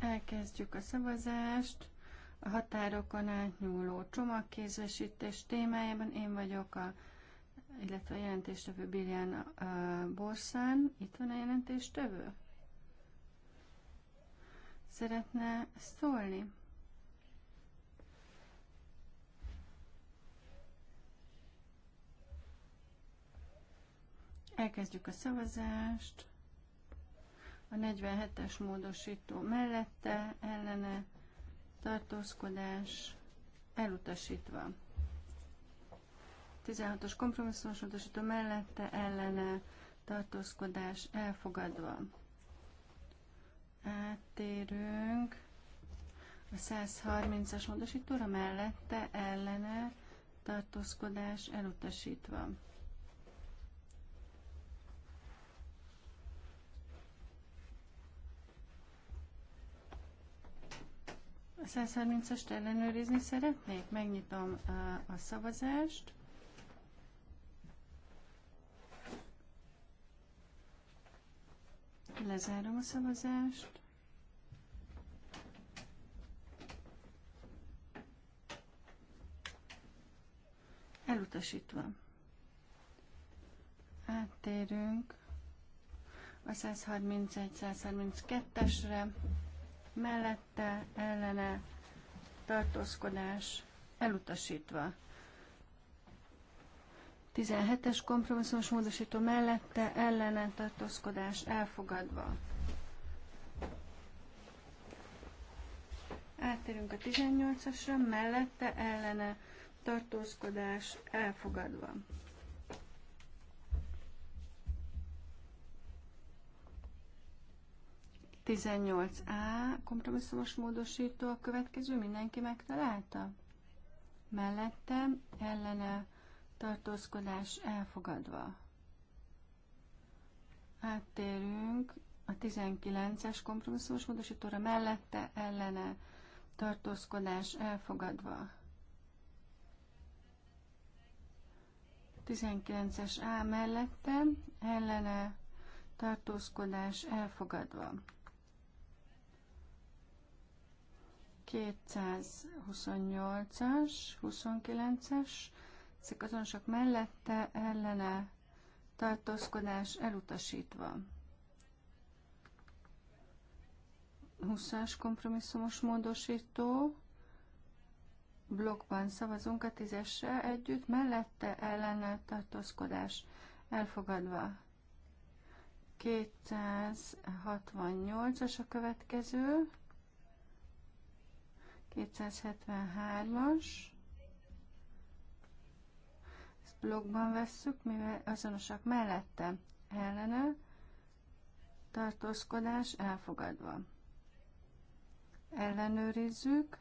Elkezdjük a szavazást. A határokon átnyúló csomagkézesítés témájában én vagyok a illetve a jelentéstevő Billian uh, Borszán. Itt van a jelentéstevő? Szeretne szólni? Elkezdjük a szavazást. A 47-es módosító mellette ellene tartózkodás elutasítva. 16-os kompromisszumos módosító mellette ellene tartózkodás elfogadva. Áttérünk a 130-as módosítóra mellette ellene tartózkodás elutasítva. A 130-ast ellenőrizni szeretnék? Megnyitom a szavazást. Lezárom a szavazást. Elutasítva. Áttérünk a 131-132-esre mellette ellene tartózkodás elutasítva. 17-es kompromisszumos módosító mellette ellene tartózkodás elfogadva. Átérünk a 18-asra, mellette ellene tartózkodás elfogadva. 18A kompromisszumos módosító a következő, mindenki megtalálta? Mellette ellene tartózkodás elfogadva. Áttérünk a 19-es kompromisszumos módosítóra mellette ellene tartózkodás elfogadva. 19-es A mellette ellene tartózkodás elfogadva. 228-as, 29-es, ezek mellette ellene tartózkodás elutasítva. 20-as kompromisszumos módosító, blokkban szavazunk a 10 együtt, mellette ellene tartózkodás elfogadva. 268-as a következő, 273-as. Ezt blogban vesszük, mivel azonosak mellette ellene tartózkodás elfogadva. Ellenőrizzük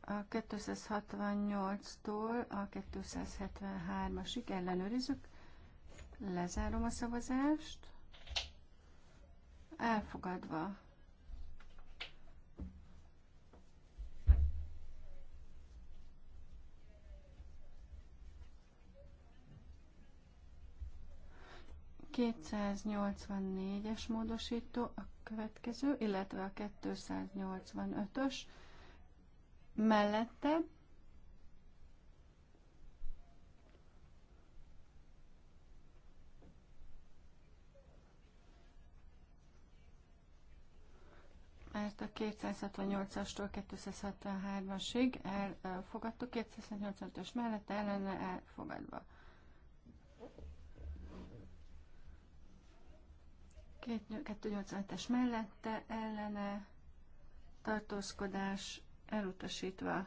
a 268-tól a 273-asig ellenőrizzük. Lezárom a szavazást. Elfogadva. 284-es módosító a következő, illetve a 285-ös mellette. Mert a 268-astól 273-asig elfogadtuk, 285-ös mellett ellene elfogadva. 285 es mellette ellene tartózkodás elutasítva.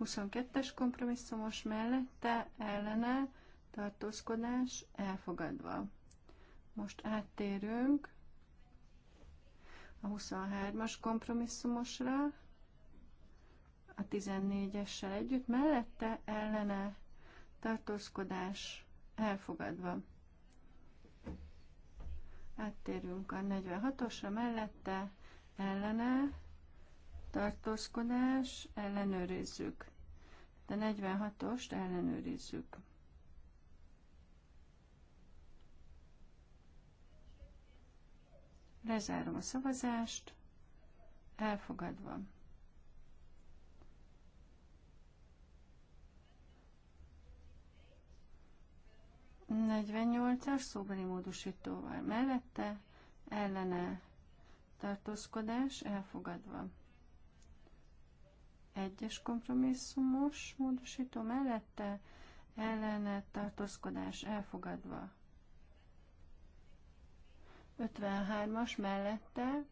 22-es kompromisszumos mellette ellene tartózkodás elfogadva. Most áttérünk a 23-as kompromisszumosra, a 14-essel együtt mellette ellene tartózkodás elfogadva. Áttérünk a 46-osra mellette ellene tartózkodás, ellenőrizzük. De 46-ost ellenőrizzük. Lezárom a szavazást, elfogadva. 48-as szóbeli módosítóval mellette ellene tartózkodás elfogadva. Egyes kompromisszumos módosító mellette ellene tartózkodás elfogadva. 53-as mellette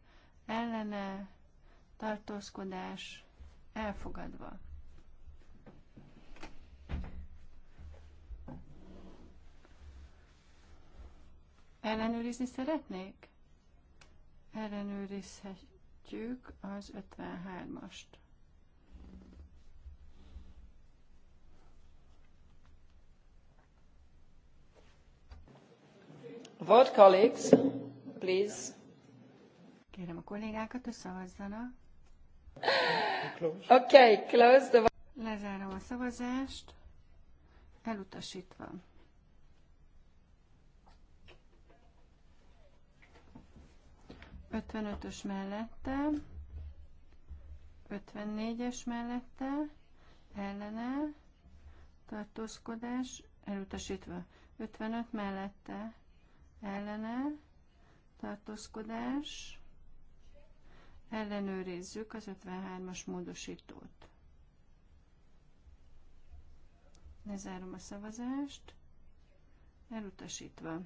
ellene tartózkodás elfogadva. Ellenőrizni szeretnék? Ellenőrizhetjük az 53-ast. Vote colleagues, please. Kérem a kollégákat, hogy szavazzanak. Okay, close the... vote. Lezárom a szavazást. Elutasítva. 55-ös mellette, 54-es mellette, ellene, tartózkodás, elutasítva. 55 mellette, ellene, tartózkodás, ellenőrizzük az 53-as módosítót. Lezárom a szavazást, elutasítva.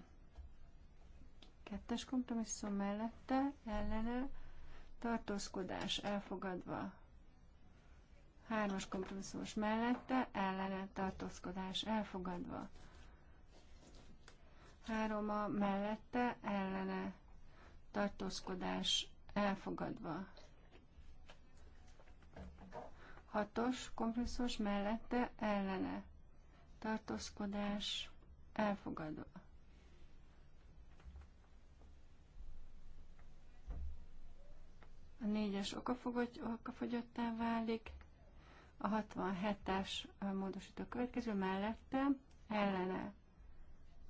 Kettes kompromisszum mellette ellene tartózkodás elfogadva. Hármas kompromisszumos mellette ellene tartózkodás elfogadva. Hároma mellette ellene tartózkodás elfogadva. Hatos kompromisszumos mellette ellene tartózkodás elfogadva. a 4-es okafogyottá válik, a 67-es módosító következő mellette ellene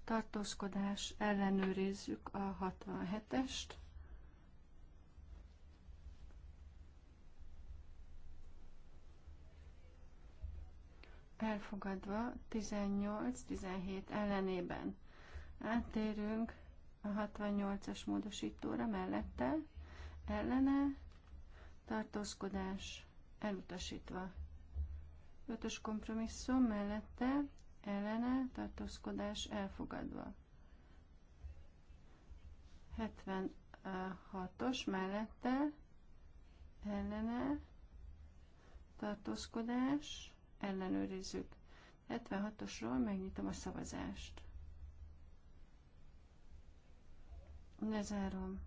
tartózkodás ellenőrizzük a 67-est. Elfogadva 18-17 ellenében. Átérünk a 68-as módosítóra mellette ellene, tartózkodás elutasítva. Ötös kompromisszum mellette, ellene, tartózkodás elfogadva. 76-os mellette, ellene, tartózkodás, ellenőrizzük. 76-osról megnyitom a szavazást. Lezárom.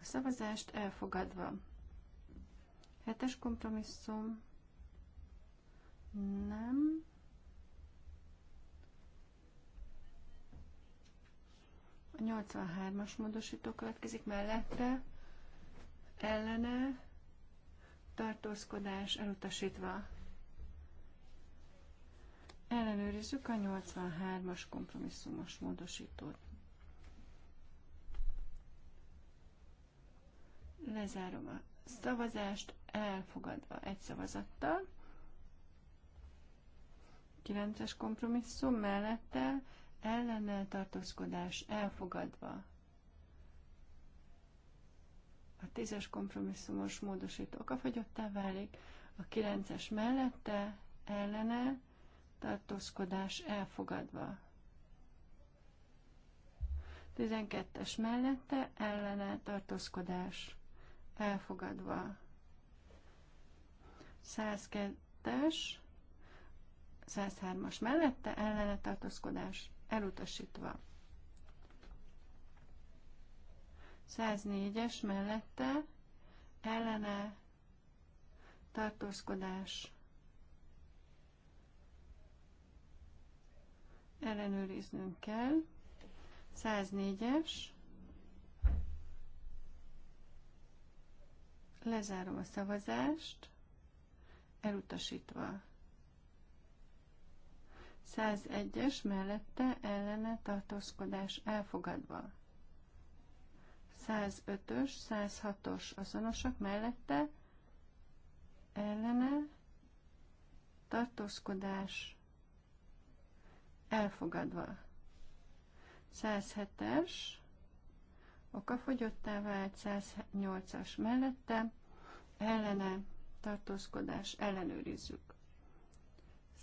A szavazást elfogadva. Hetes kompromisszum. Nem. A 83-as módosító következik mellette. Ellene. Tartózkodás elutasítva. Ellenőrizzük a 83-as kompromisszumos módosítót. Lezárom a szavazást, elfogadva egy szavazattal. 9-es kompromisszum mellette ellennel tartózkodás elfogadva. A 10-es kompromisszumos módosító okafogyottá válik, a 9-es mellette ellene tartózkodás elfogadva. 12-es mellette ellene tartózkodás elfogadva. 102-es, 103-as mellette ellene tartózkodás elutasítva. 104-es mellette ellene tartózkodás ellenőriznünk kell. 104-es Lezárom a szavazást, elutasítva. 101-es mellette ellene tartózkodás elfogadva. 105-ös, 106-os azonosak mellette ellene tartózkodás elfogadva. 107-es okafogyottá vált 108-as mellette, ellene tartózkodás ellenőrizzük.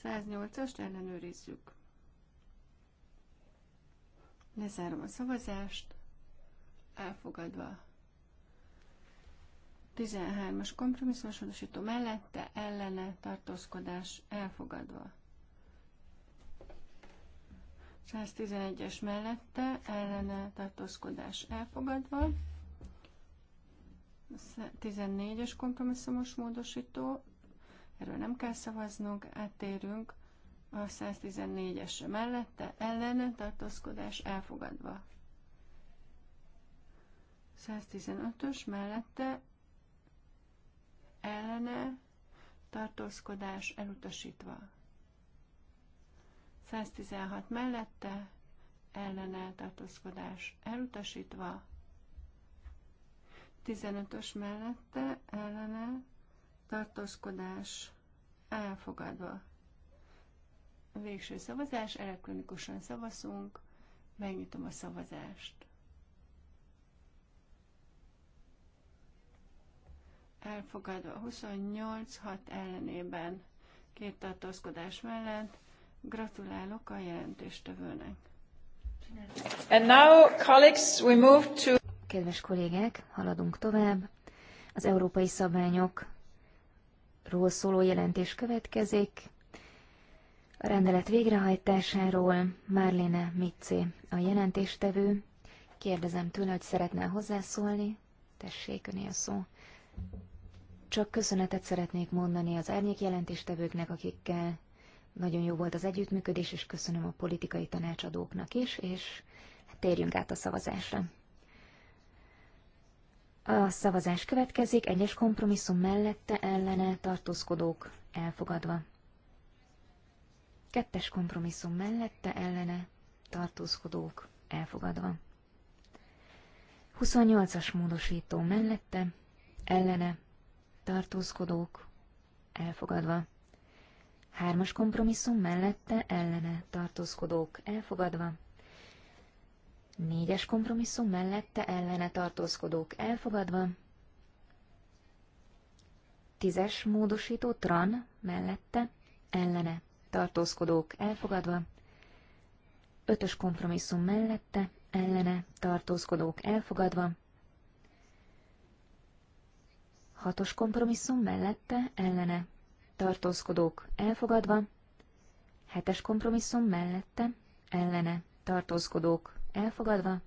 108-ast ellenőrizzük. Lezárom a szavazást, elfogadva 13-as kompromisszumosodosító mellette, ellene tartózkodás elfogadva. 111-es mellette ellene tartózkodás elfogadva. 14-es kompromisszumos módosító, erről nem kell szavaznunk, áttérünk a 114 es mellette, ellene tartózkodás elfogadva. 115-ös mellette ellene tartózkodás elutasítva. 116 mellette ellene tartózkodás elutasítva, 15-ös mellette ellene tartózkodás elfogadva. Végső szavazás, elektronikusan szavazunk, megnyitom a szavazást. Elfogadva 28-6 ellenében két tartózkodás mellett Gratulálok a jelentéstevőnek. And now, colleagues, we move to... Kedves kollégák, haladunk tovább. Az európai szabványokról szóló jelentés következik. A rendelet végrehajtásáról Márléne Mitzi, a jelentéstevő. Kérdezem tőle, hogy szeretne hozzászólni. Tessék, öné a szó. Csak köszönetet szeretnék mondani az árnyék jelentéstevőknek, akikkel nagyon jó volt az együttműködés, és köszönöm a politikai tanácsadóknak is, és térjünk át a szavazásra. A szavazás következik, egyes kompromisszum mellette ellene tartózkodók elfogadva. Kettes kompromisszum mellette ellene tartózkodók elfogadva. 28-as módosító mellette ellene tartózkodók elfogadva. Hármas kompromisszum mellette ellene tartózkodók elfogadva. Négyes kompromisszum mellette ellene tartózkodók elfogadva. Tízes módosító tran mellette ellene tartózkodók elfogadva. Ötös kompromisszum mellette ellene tartózkodók elfogadva. Hatos kompromisszum mellette ellene tartózkodók elfogadva, hetes kompromisszum mellette, ellene tartózkodók elfogadva,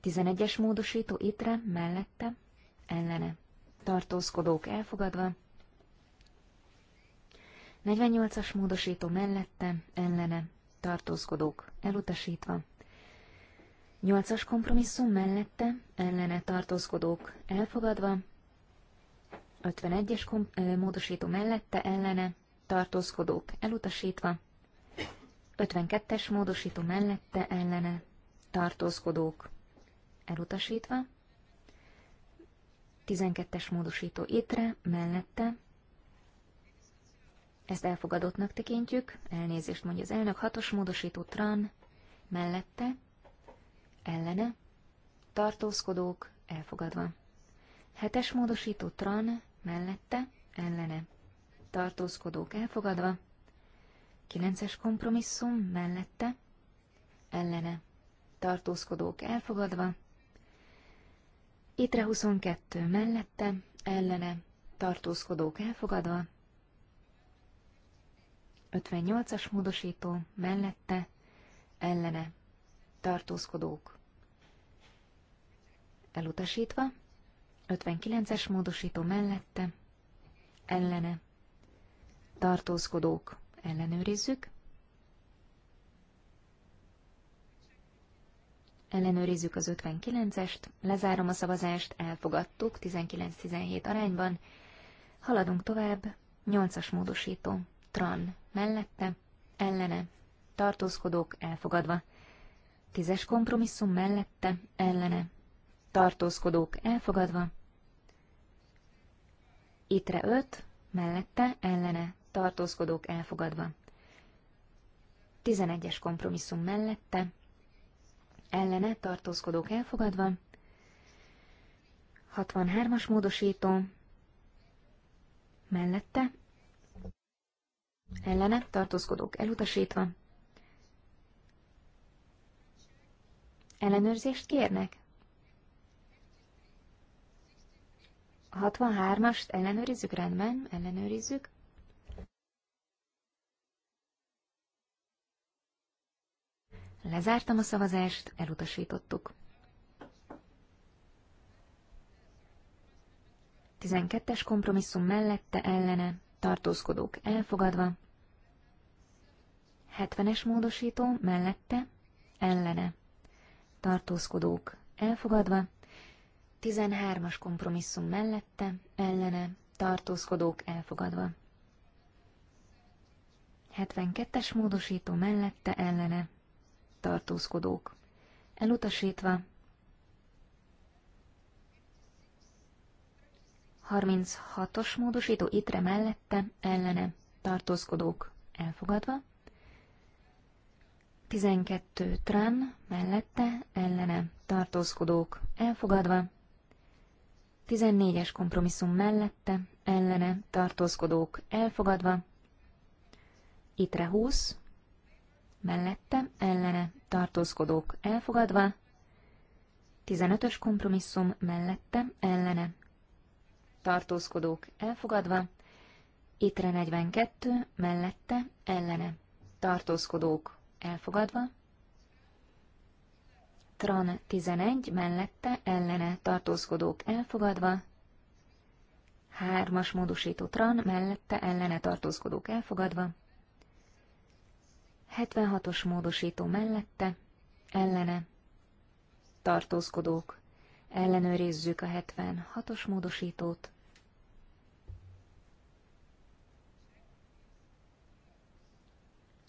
tizenegyes módosító itre mellette, ellene tartózkodók elfogadva, 48-as módosító mellette, ellene tartózkodók elutasítva, 8-as kompromisszum mellette, ellene tartózkodók elfogadva, 51-es módosító mellette ellene tartózkodók elutasítva, 52-es módosító mellette ellene tartózkodók elutasítva, 12-es módosító étre mellette ezt elfogadottnak tekintjük, elnézést mondja az elnök, hatos módosító tran, mellette, ellene, tartózkodók, elfogadva. Hetes módosító tran, mellette, ellene, tartózkodók elfogadva, Kilences kompromisszum mellette, ellene, tartózkodók elfogadva, Itre 22 mellette, ellene, tartózkodók elfogadva, 58-as módosító mellette, ellene, tartózkodók elutasítva, 59-es módosító mellette, ellene, tartózkodók, ellenőrizzük. Ellenőrizzük az 59-est, lezárom a szavazást, elfogadtuk 19-17 arányban. Haladunk tovább, 8-as módosító, tran, mellette, ellene, tartózkodók, elfogadva. 10-es kompromisszum mellette, ellene, tartózkodók, elfogadva. Ittre 5, mellette, ellene, tartózkodók elfogadva. 11-es kompromisszum mellette, ellene, tartózkodók elfogadva. 63-as módosító, mellette, ellene, tartózkodók elutasítva. Ellenőrzést kérnek? 63-ast ellenőrizzük, rendben, ellenőrizzük. Lezártam a szavazást, elutasítottuk. 12-es kompromisszum mellette ellene, tartózkodók elfogadva. 70-es módosító mellette ellene, tartózkodók elfogadva. 13-as kompromisszum mellette, ellene, tartózkodók elfogadva. 72-es módosító mellette, ellene, tartózkodók elutasítva. 36-os módosító itre mellette, ellene, tartózkodók elfogadva. 12 trán mellette, ellene, tartózkodók elfogadva. 14-es kompromisszum mellette, ellene tartózkodók elfogadva, itre 20, mellette, ellene tartózkodók elfogadva, 15-ös kompromisszum mellette, ellene tartózkodók elfogadva, itre 42, mellette, ellene tartózkodók elfogadva, TRAN 11 mellette ellene tartózkodók elfogadva, hármas módosító TRAN mellette ellene tartózkodók elfogadva, 76-os módosító mellette ellene tartózkodók. Ellenőrizzük a 76-os módosítót.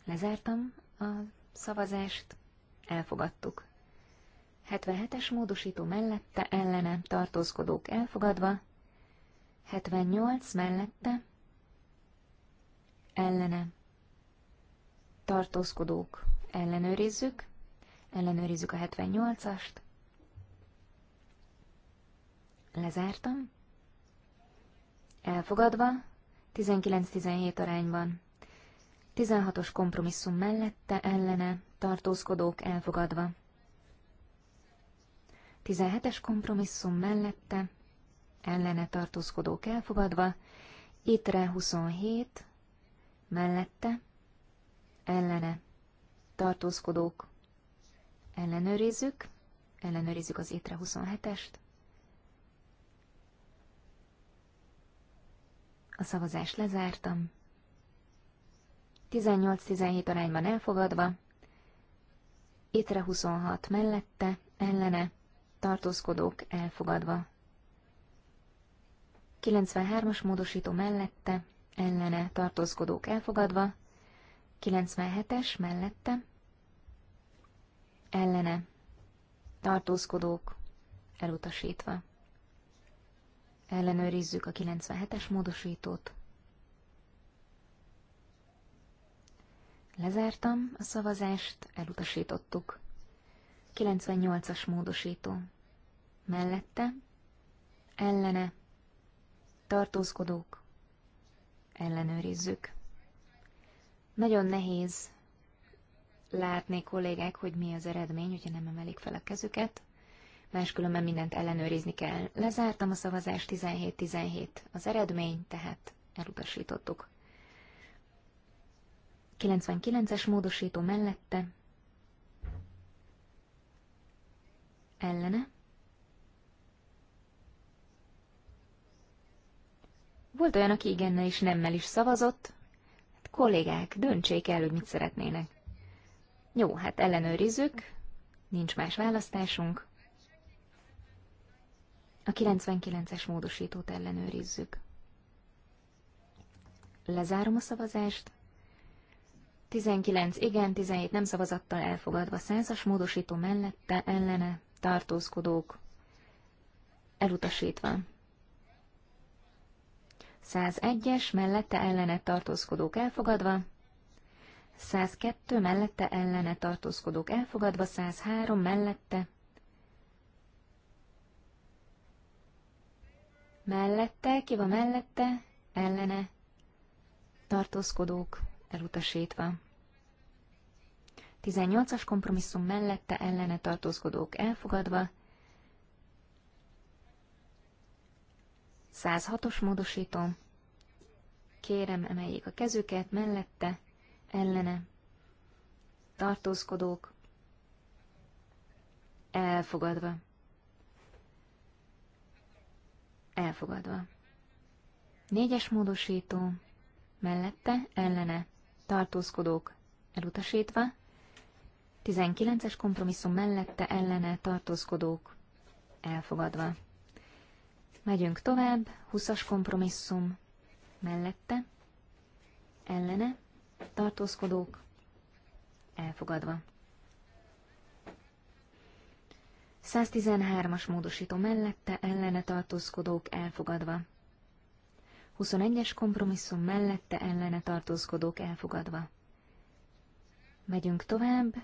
Lezártam a szavazást, elfogadtuk. 77-es módosító mellette ellenem tartózkodók elfogadva, 78 mellette ellene tartózkodók ellenőrizzük, ellenőrizzük a 78-ast, lezártam, elfogadva, 19-17 arányban, 16-os kompromisszum mellette ellene tartózkodók elfogadva. 17-es kompromisszum mellette, ellene tartózkodók elfogadva, étre 27, mellette, ellene tartózkodók ellenőrizzük, ellenőrizzük az étre 27-est, A szavazást lezártam. 18-17 arányban elfogadva, étre 26 mellette, ellene, tartózkodók elfogadva. 93-as módosító mellette, ellene tartózkodók elfogadva, 97-es mellette, ellene tartózkodók elutasítva. Ellenőrizzük a 97-es módosítót. Lezártam a szavazást, elutasítottuk. 98-as módosító. Mellette, ellene, tartózkodók, ellenőrizzük. Nagyon nehéz látni kollégák, hogy mi az eredmény, hogyha nem emelik fel a kezüket. Máskülönben mindent ellenőrizni kell. Lezártam a szavazást 17-17. Az eredmény, tehát elutasítottuk. 99-es módosító mellette, ellene. Volt olyan, aki igenne és nemmel is szavazott. Hát, kollégák, döntsék el, hogy mit szeretnének. Jó, hát ellenőrizzük, nincs más választásunk. A 99-es módosítót ellenőrizzük. Lezárom a szavazást. 19 igen, 17 nem szavazattal elfogadva, 100-as módosító mellette, ellene, tartózkodók elutasítva. 101-es mellette ellene tartózkodók elfogadva, 102 mellette ellene tartózkodók elfogadva, 103 mellette, mellette, ki van mellette, ellene, tartózkodók elutasítva. 18-as kompromisszum mellette ellene tartózkodók elfogadva, 106-os módosító, kérem emeljék a kezüket mellette, ellene, tartózkodók, elfogadva. Elfogadva. Négyes módosító, mellette, ellene, tartózkodók, elutasítva. 19-es kompromisszum mellette ellene tartózkodók elfogadva. Megyünk tovább, 20-as kompromisszum mellette ellene tartózkodók elfogadva. 113-as módosító mellette ellene tartózkodók elfogadva. 21-es kompromisszum mellette ellene tartózkodók elfogadva. Megyünk tovább,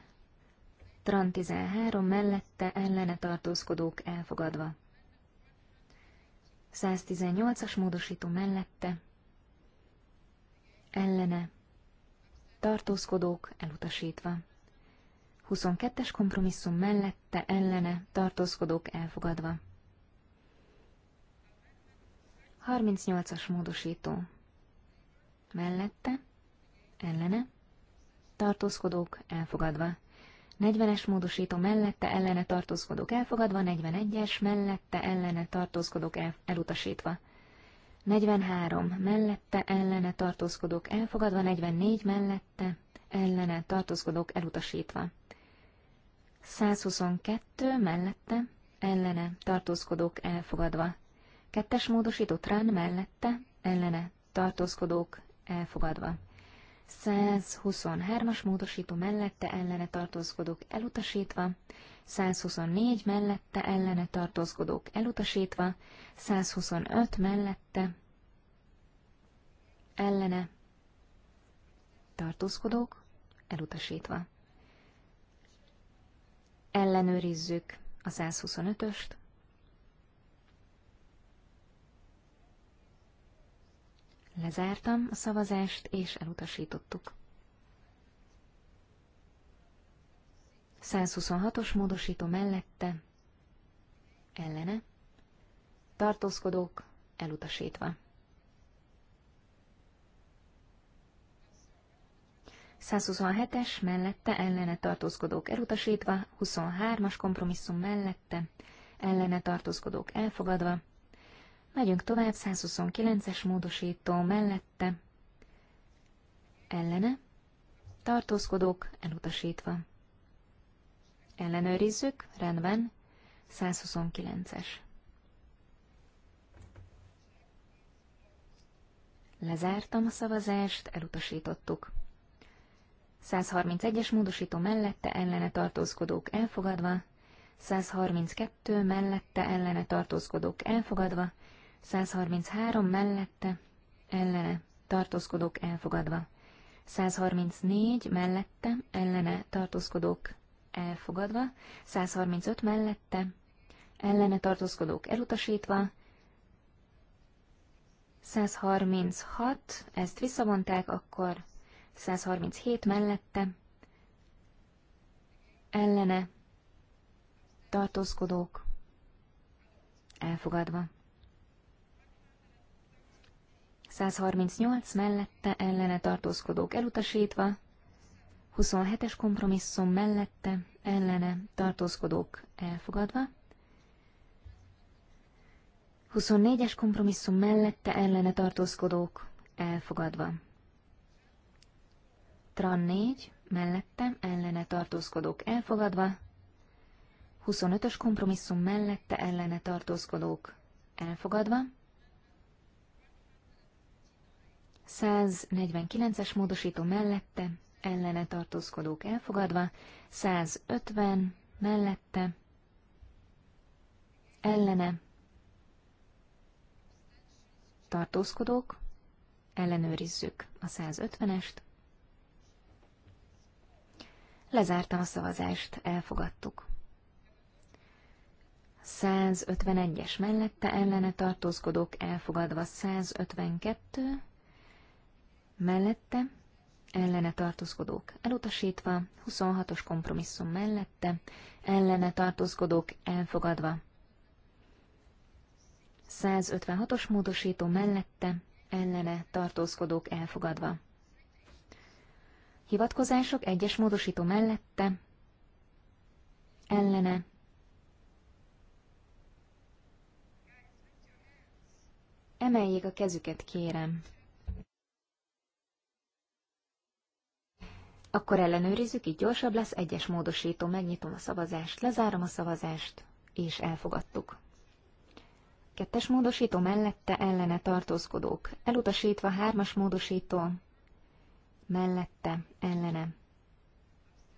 Tran 13 mellette ellene tartózkodók elfogadva. 118-as módosító mellette ellene tartózkodók elutasítva. 22-es kompromisszum mellette ellene tartózkodók elfogadva. 38-as módosító mellette ellene tartózkodók elfogadva. 40-es módosító mellette ellene tartózkodók elfogadva, 41-es mellette ellene tartózkodók el, elutasítva. 43 mellette ellene tartózkodók elfogadva, 44 mellette ellene tartózkodók elutasítva. 122 mellette ellene tartózkodók elfogadva. Kettes módosító trán mellette ellene tartózkodók elfogadva. 123-as módosító mellette ellene tartózkodók elutasítva, 124 mellette ellene tartózkodók elutasítva, 125 mellette ellene tartózkodók elutasítva. Ellenőrizzük a 125-öst. Lezártam a szavazást, és elutasítottuk. 126-os módosító mellette, ellene, tartózkodók elutasítva. 127-es mellette ellene tartózkodók elutasítva, 23-as kompromisszum mellette ellene tartózkodók elfogadva, Megyünk tovább, 129-es módosító mellette, ellene, tartózkodók elutasítva. Ellenőrizzük, rendben, 129-es. Lezártam a szavazást, elutasítottuk. 131-es módosító mellette ellene tartózkodók elfogadva, 132 mellette ellene tartózkodók elfogadva, 133 mellette, ellene, tartózkodók elfogadva. 134 mellette, ellene, tartózkodók elfogadva. 135 mellette, ellene tartózkodók elutasítva. 136, ezt visszavonták, akkor 137 mellette, ellene tartózkodók elfogadva. 138 mellette ellene tartózkodók elutasítva, 27-es kompromisszum mellette ellene tartózkodók elfogadva, 24-es kompromisszum mellette ellene tartózkodók elfogadva. Tran 4 mellette ellene tartózkodók elfogadva, 25-ös kompromisszum mellette ellene tartózkodók elfogadva, 149-es módosító mellette, ellene tartózkodók elfogadva, 150 mellette, ellene tartózkodók, ellenőrizzük a 150-est. Lezártam a szavazást, elfogadtuk. 151-es mellette ellene tartózkodók elfogadva 152, mellette, ellene tartózkodók elutasítva, 26-os kompromisszum mellette, ellene tartózkodók elfogadva. 156-os módosító mellette, ellene tartózkodók elfogadva. Hivatkozások egyes módosító mellette, ellene Emeljék a kezüket, kérem. Akkor ellenőrizzük, így gyorsabb lesz, egyes módosító, megnyitom a szavazást, lezárom a szavazást, és elfogadtuk. Kettes módosító mellette ellene tartózkodók, elutasítva hármas módosító, mellette ellene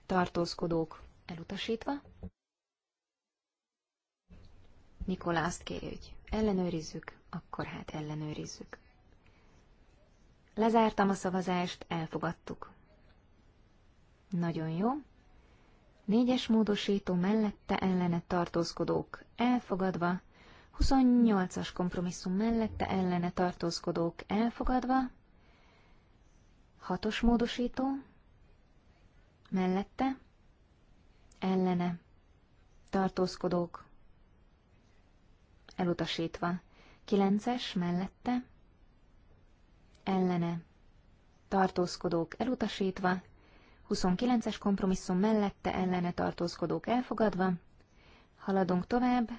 tartózkodók, elutasítva. Nikola azt kéri, hogy ellenőrizzük, akkor hát ellenőrizzük. Lezártam a szavazást, elfogadtuk. Nagyon jó. Négyes módosító mellette ellene tartózkodók elfogadva, 28-as kompromisszum mellette ellene tartózkodók elfogadva, 6-os módosító mellette ellene tartózkodók elutasítva, 9-es mellette ellene tartózkodók elutasítva, 29-es kompromisszum mellette ellene tartózkodók elfogadva. Haladunk tovább.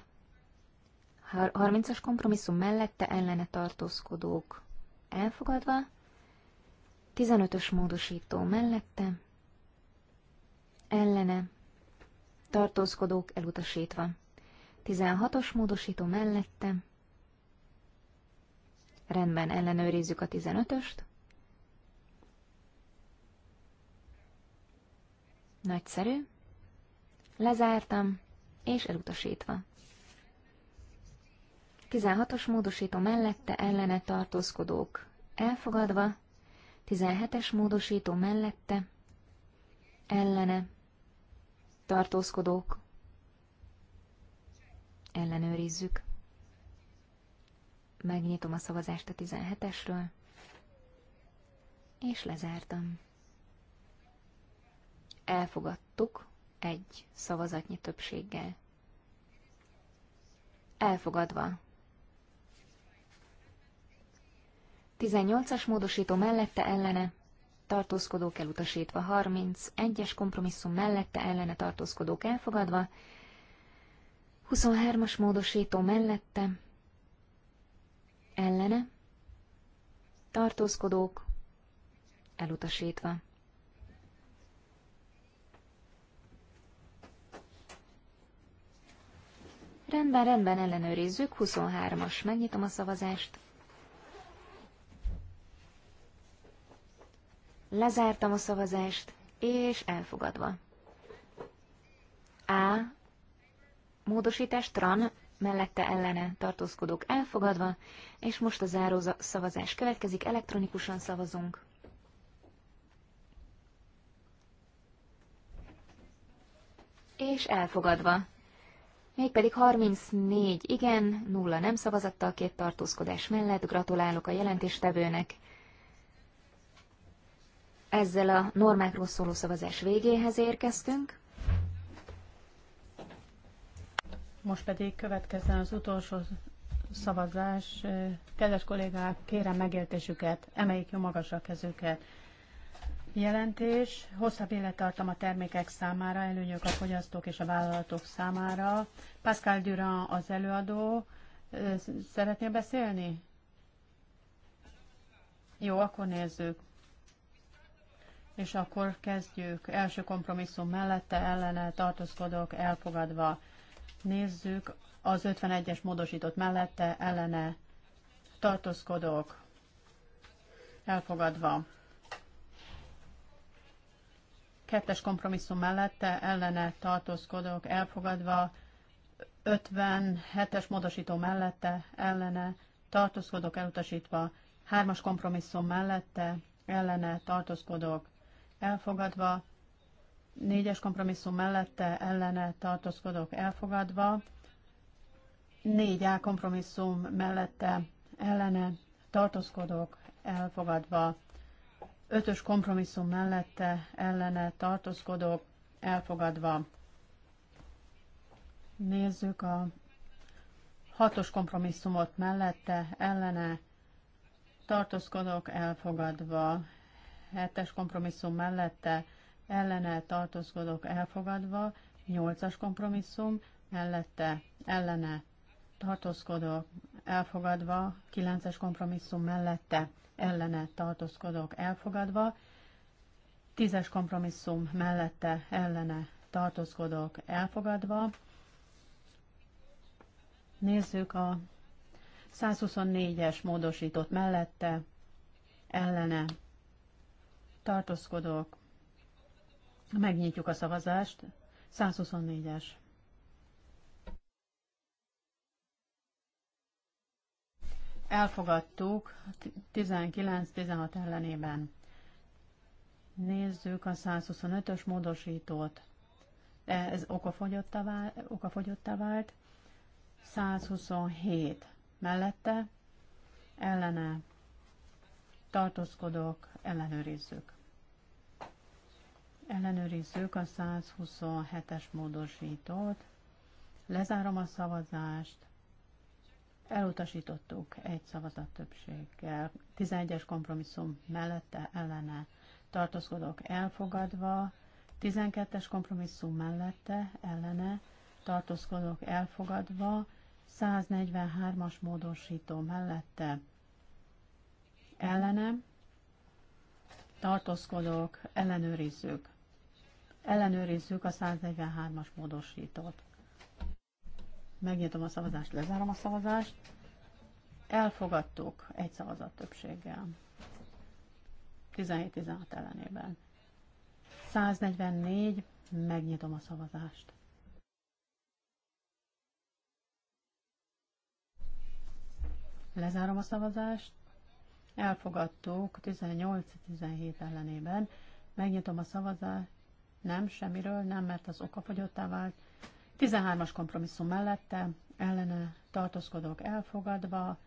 30-as kompromisszum mellette ellene tartózkodók elfogadva. 15-ös módosító mellette ellene tartózkodók elutasítva. 16-os módosító mellette rendben ellenőrizzük a 15-öst. Nagyszerű. Lezártam, és elutasítva. 16-os módosító mellette ellene tartózkodók elfogadva, 17-es módosító mellette ellene tartózkodók ellenőrizzük. Megnyitom a szavazást a 17-esről, és lezártam. Elfogadtuk egy szavazatnyi többséggel. Elfogadva. 18-as módosító mellette ellene, tartózkodók elutasítva 30, 1-es kompromisszum mellette ellene tartózkodók elfogadva, 23-as módosító mellette, ellene, tartózkodók elutasítva. Rendben, rendben, ellenőrizzük. 23-as. Megnyitom a szavazást. Lezártam a szavazást, és elfogadva. A. Módosítás tran, mellette ellene tartózkodók elfogadva, és most a záró szavazás következik, elektronikusan szavazunk. És elfogadva mégpedig 34 igen, nulla nem szavazattal, két tartózkodás mellett. Gratulálok a jelentéstevőnek. Ezzel a normákról szóló szavazás végéhez érkeztünk. Most pedig következzen az utolsó szavazás. Kedves kollégák, kérem megértésüket, emeljék jó magasra kezüket jelentés hosszabb élettartam a termékek számára, előnyök a fogyasztók és a vállalatok számára. Pascal Durand az előadó. Szeretnél beszélni? Jó, akkor nézzük. És akkor kezdjük. Első kompromisszum mellette ellene tartózkodok elfogadva. Nézzük az 51-es módosított mellette ellene tartózkodok elfogadva. Kettes kompromisszum mellette ellene tartózkodok elfogadva. 57-es módosító mellette ellene tartózkodok elutasítva. 3-as kompromisszum mellette ellene tartózkodok elfogadva. 4-es kompromisszum mellette ellene tartózkodok elfogadva. 4A kompromisszum mellette ellene tartózkodok elfogadva. Ötös kompromisszum mellette ellene tartózkodok, elfogadva. Nézzük a hatos kompromisszumot mellette ellene tartózkodok, elfogadva. Hetes kompromisszum mellette ellene tartózkodok, elfogadva. Nyolcas kompromisszum mellette ellene tartózkodok, elfogadva. Kilences kompromisszum mellette ellene tartózkodok elfogadva, tízes kompromisszum mellette ellene tartózkodok elfogadva. Nézzük a 124-es módosított mellette ellene tartózkodok. Megnyitjuk a szavazást. 124-es. elfogadtuk 19-16 ellenében. Nézzük a 125-ös módosítót. Ez okafogyottá vált. vált. 127 mellette ellene tartózkodok, ellenőrizzük. Ellenőrizzük a 127-es módosítót. Lezárom a szavazást. Elutasítottuk egy szavazat többséggel. 11-es kompromisszum mellette ellene tartózkodok elfogadva, 12-es kompromisszum mellette ellene tartózkodok elfogadva, 143-as módosító mellette ellene tartózkodok, ellenőrizzük. Ellenőrizzük a 143-as módosítót. Megnyitom a szavazást, lezárom a szavazást. Elfogadtuk egy szavazat többséggel. 17-16 ellenében. 144, megnyitom a szavazást. Lezárom a szavazást. Elfogadtuk 18-17 ellenében. Megnyitom a szavazást. Nem, semmiről nem, mert az fogyottá vált. 13-as kompromisszum mellette ellene tartózkodók elfogadva,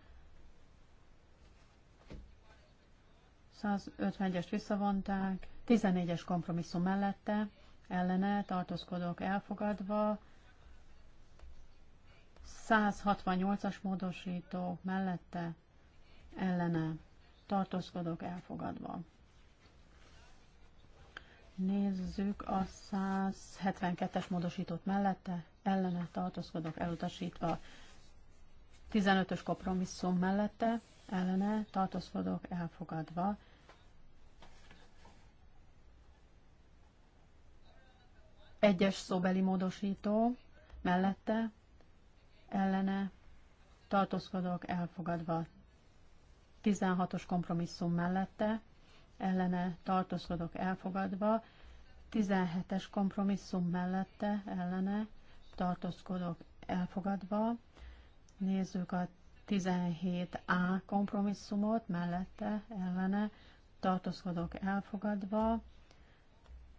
151-est visszavonták, 14-es kompromisszum mellette ellene tartózkodók elfogadva, 168-as módosító mellette ellene tartózkodók elfogadva nézzük a 172-es módosítót mellette, ellene tartózkodok elutasítva. 15-ös kompromisszum mellette, ellene tartózkodok elfogadva. Egyes szóbeli módosító mellette, ellene tartózkodok elfogadva. 16-os kompromisszum mellette, ellene tartózkodok elfogadva, 17-es kompromisszum mellette ellene tartózkodok elfogadva. Nézzük a 17A kompromisszumot mellette ellene tartózkodok elfogadva.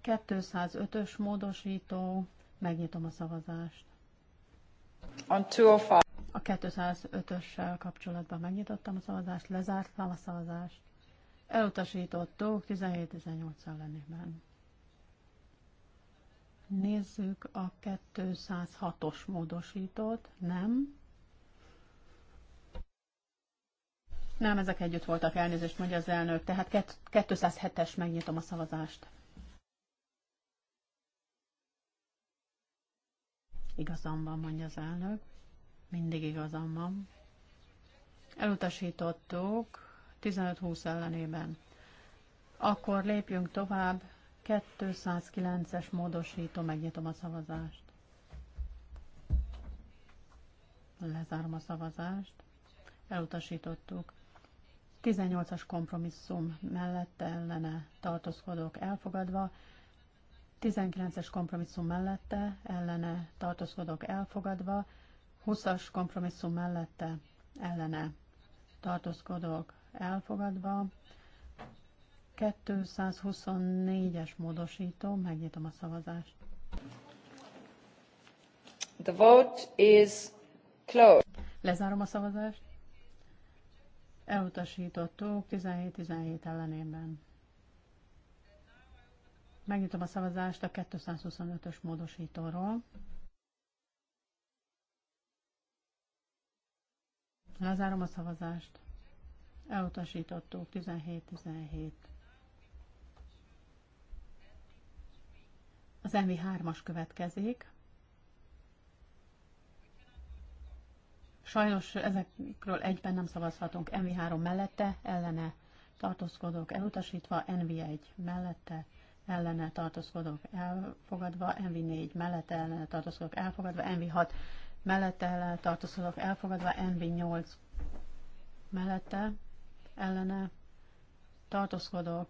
205-ös módosító, megnyitom a szavazást. On 205. A 205-össel kapcsolatban megnyitottam a szavazást, lezártam a szavazást. Elutasítottuk 17-18 Nézzük a 206-os módosítót. Nem. Nem, ezek együtt voltak, elnézést mondja az elnök. Tehát 207-es megnyitom a szavazást. Igazam van, mondja az elnök. Mindig igazam van. Elutasítottuk 15-20 ellenében. Akkor lépjünk tovább. 209-es módosító, megnyitom a szavazást. Lezárom a szavazást. Elutasítottuk. 18-as kompromisszum mellette ellene tartózkodók elfogadva, 19-es kompromisszum mellette ellene tartózkodók elfogadva, 20-as kompromisszum mellette ellene tartózkodók elfogadva. 224-es módosító, megnyitom a szavazást. The vote is closed. Lezárom a szavazást. Elutasítottuk 17-17 ellenében. Megnyitom a szavazást a 225-ös módosítóról. Lezárom a szavazást elutasítottuk 17-17. Az MV3-as következik. Sajnos ezekről egyben nem szavazhatunk. MV3 mellette, ellene tartózkodók elutasítva, NV1 mellette, ellene tartózkodók elfogadva, NV4 mellette, ellene tartózkodók elfogadva, NV6 mellette, ellene tartózkodók elfogadva, NV8 mellette, ellene tartózkodók,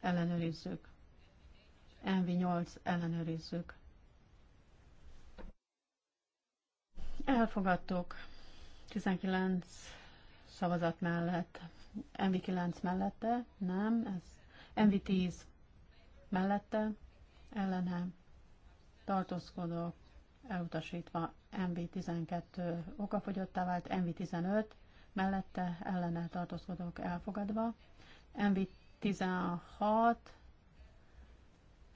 ellenőrizzük. NV8, ellenőrizzük. Elfogadtuk 19 szavazat mellett, NV9 mellette, nem, ez NV10 mellette, ellene tartózkodók, elutasítva MV12 okafogyottá vált, MV15 mellette ellene tartózkodók elfogadva. MV16,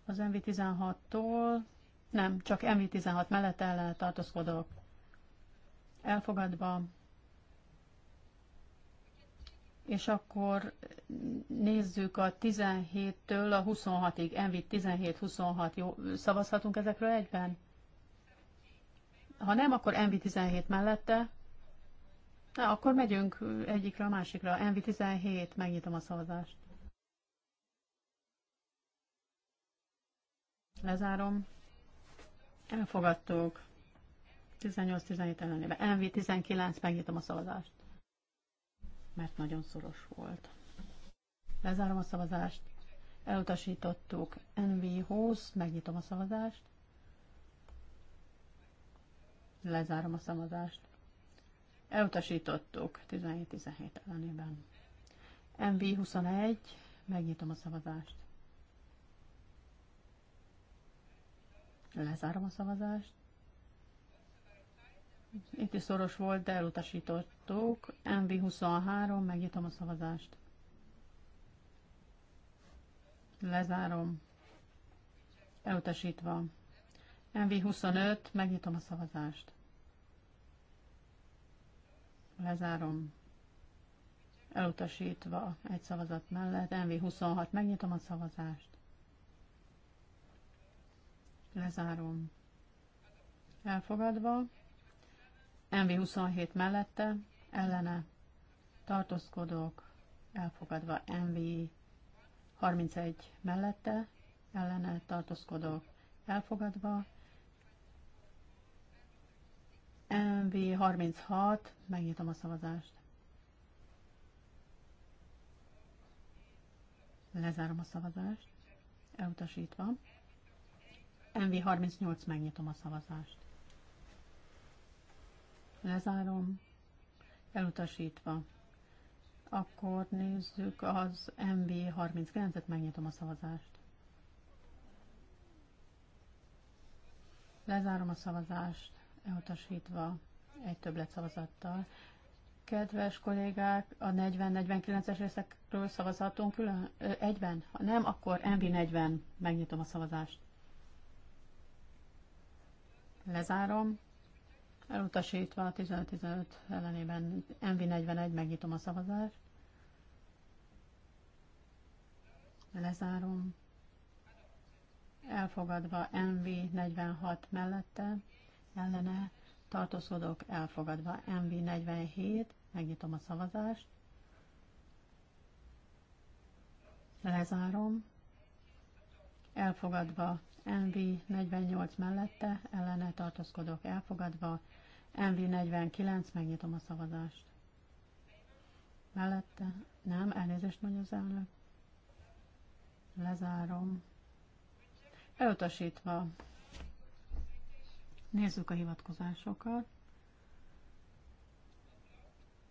az MV16-tól, nem, csak MV16 mellette ellene tartózkodók elfogadva. És akkor nézzük a 17-től a 26-ig. Envit 17-26, jó, szavazhatunk ezekről egyben? Ha nem, akkor Envi 17 mellette, Na, akkor megyünk egyikre a másikra. NV17, megnyitom a szavazást. Lezárom. Elfogadtuk. 18-17 ellenében. NV19, megnyitom a szavazást. Mert nagyon szoros volt. Lezárom a szavazást. Elutasítottuk. NV20, megnyitom a szavazást. Lezárom a szavazást. Elutasítottuk 17-17 ellenében. MV21, megnyitom a szavazást. Lezárom a szavazást. Itt is szoros volt, de elutasítottuk. MV23, megnyitom a szavazást. Lezárom. Elutasítva. MV25, megnyitom a szavazást. Lezárom. Elutasítva egy szavazat mellett. MV26. Megnyitom a szavazást. Lezárom. Elfogadva. MV27 mellette. Ellene. Tartózkodok. Elfogadva. MV31 mellette. Ellene. Tartózkodok. Elfogadva. MV36, megnyitom a szavazást. Lezárom a szavazást. Elutasítva. MV38, megnyitom a szavazást. Lezárom. Elutasítva. Akkor nézzük az MV39-et, megnyitom a szavazást. Lezárom a szavazást elutasítva egy többletszavazattal. Kedves kollégák, a 40-49-es részekről szavazhatunk külön? Ö, egyben? Ha nem, akkor MB40. Megnyitom a szavazást. Lezárom. Elutasítva a 15-15 ellenében MV41, megnyitom a szavazást. Lezárom. Elfogadva MV46 mellette, ellene tartózkodók elfogadva. MV 47, megnyitom a szavazást. Lezárom. Elfogadva MV 48 mellette, ellene tartózkodók elfogadva. MV 49, megnyitom a szavazást. Mellette, nem, elnézést mondja az elnök. Lezárom. Elutasítva Nézzük a hivatkozásokat.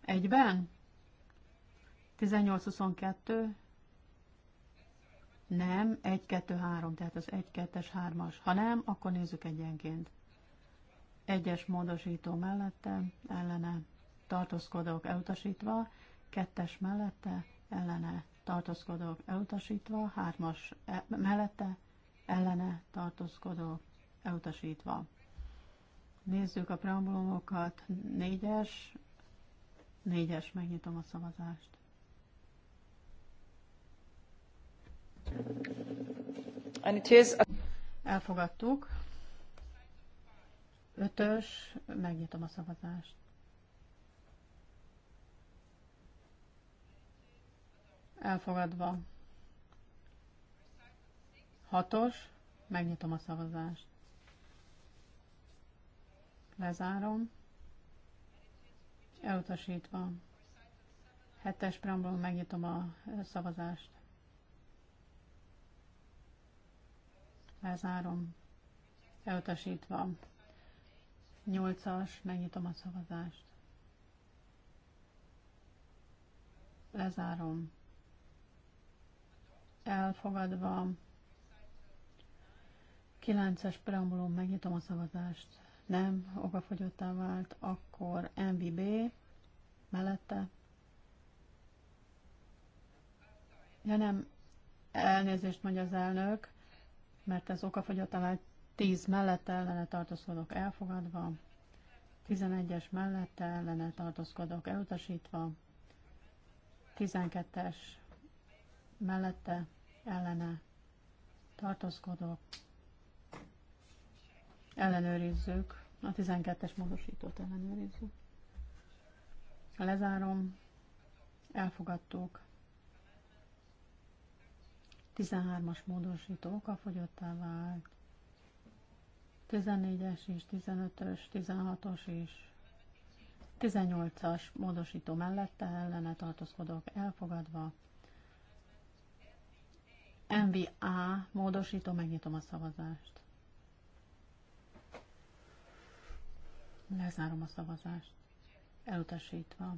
Egyben? 18-22? Nem, 1-2-3, tehát az 1-2-es 3-as. Ha nem, akkor nézzük egyenként. Egyes módosító mellette, ellene, tartózkodók elutasítva, kettes mellette, ellene, tartózkodók elutasítva, hármas e mellette, ellene, tartózkodók elutasítva. Nézzük a preambulumokat. Négyes. Négyes, megnyitom a szavazást. And it is a... Elfogadtuk. Ötös, megnyitom a szavazást. Elfogadva. Hatos, megnyitom a szavazást. Lezárom. Elutasítva. Hetes preambulum, megnyitom a eh, szavazást. Lezárom. Elutasítva. Nyolcas, megnyitom a szavazást. Lezárom. Elfogadva. Kilences preambulum, megnyitom a szavazást nem okafogyottá vált, akkor MVB mellette. Ja nem, elnézést mondja az elnök, mert ez okafogyottá vált 10 mellette ellene tartózkodok elfogadva, 11-es mellette ellene tartózkodok elutasítva, 12-es mellette ellene tartózkodok ellenőrizzük. A 12-es módosítót ellenőrizzük. Lezárom. Elfogadtuk. 13-as módosító fogyottá vált. 14-es is, 15-ös, 16-os is. 18-as módosító mellette ellene tartózkodok elfogadva. MVA módosító, megnyitom a szavazást. Lezárom a szavazást. Elutasítva.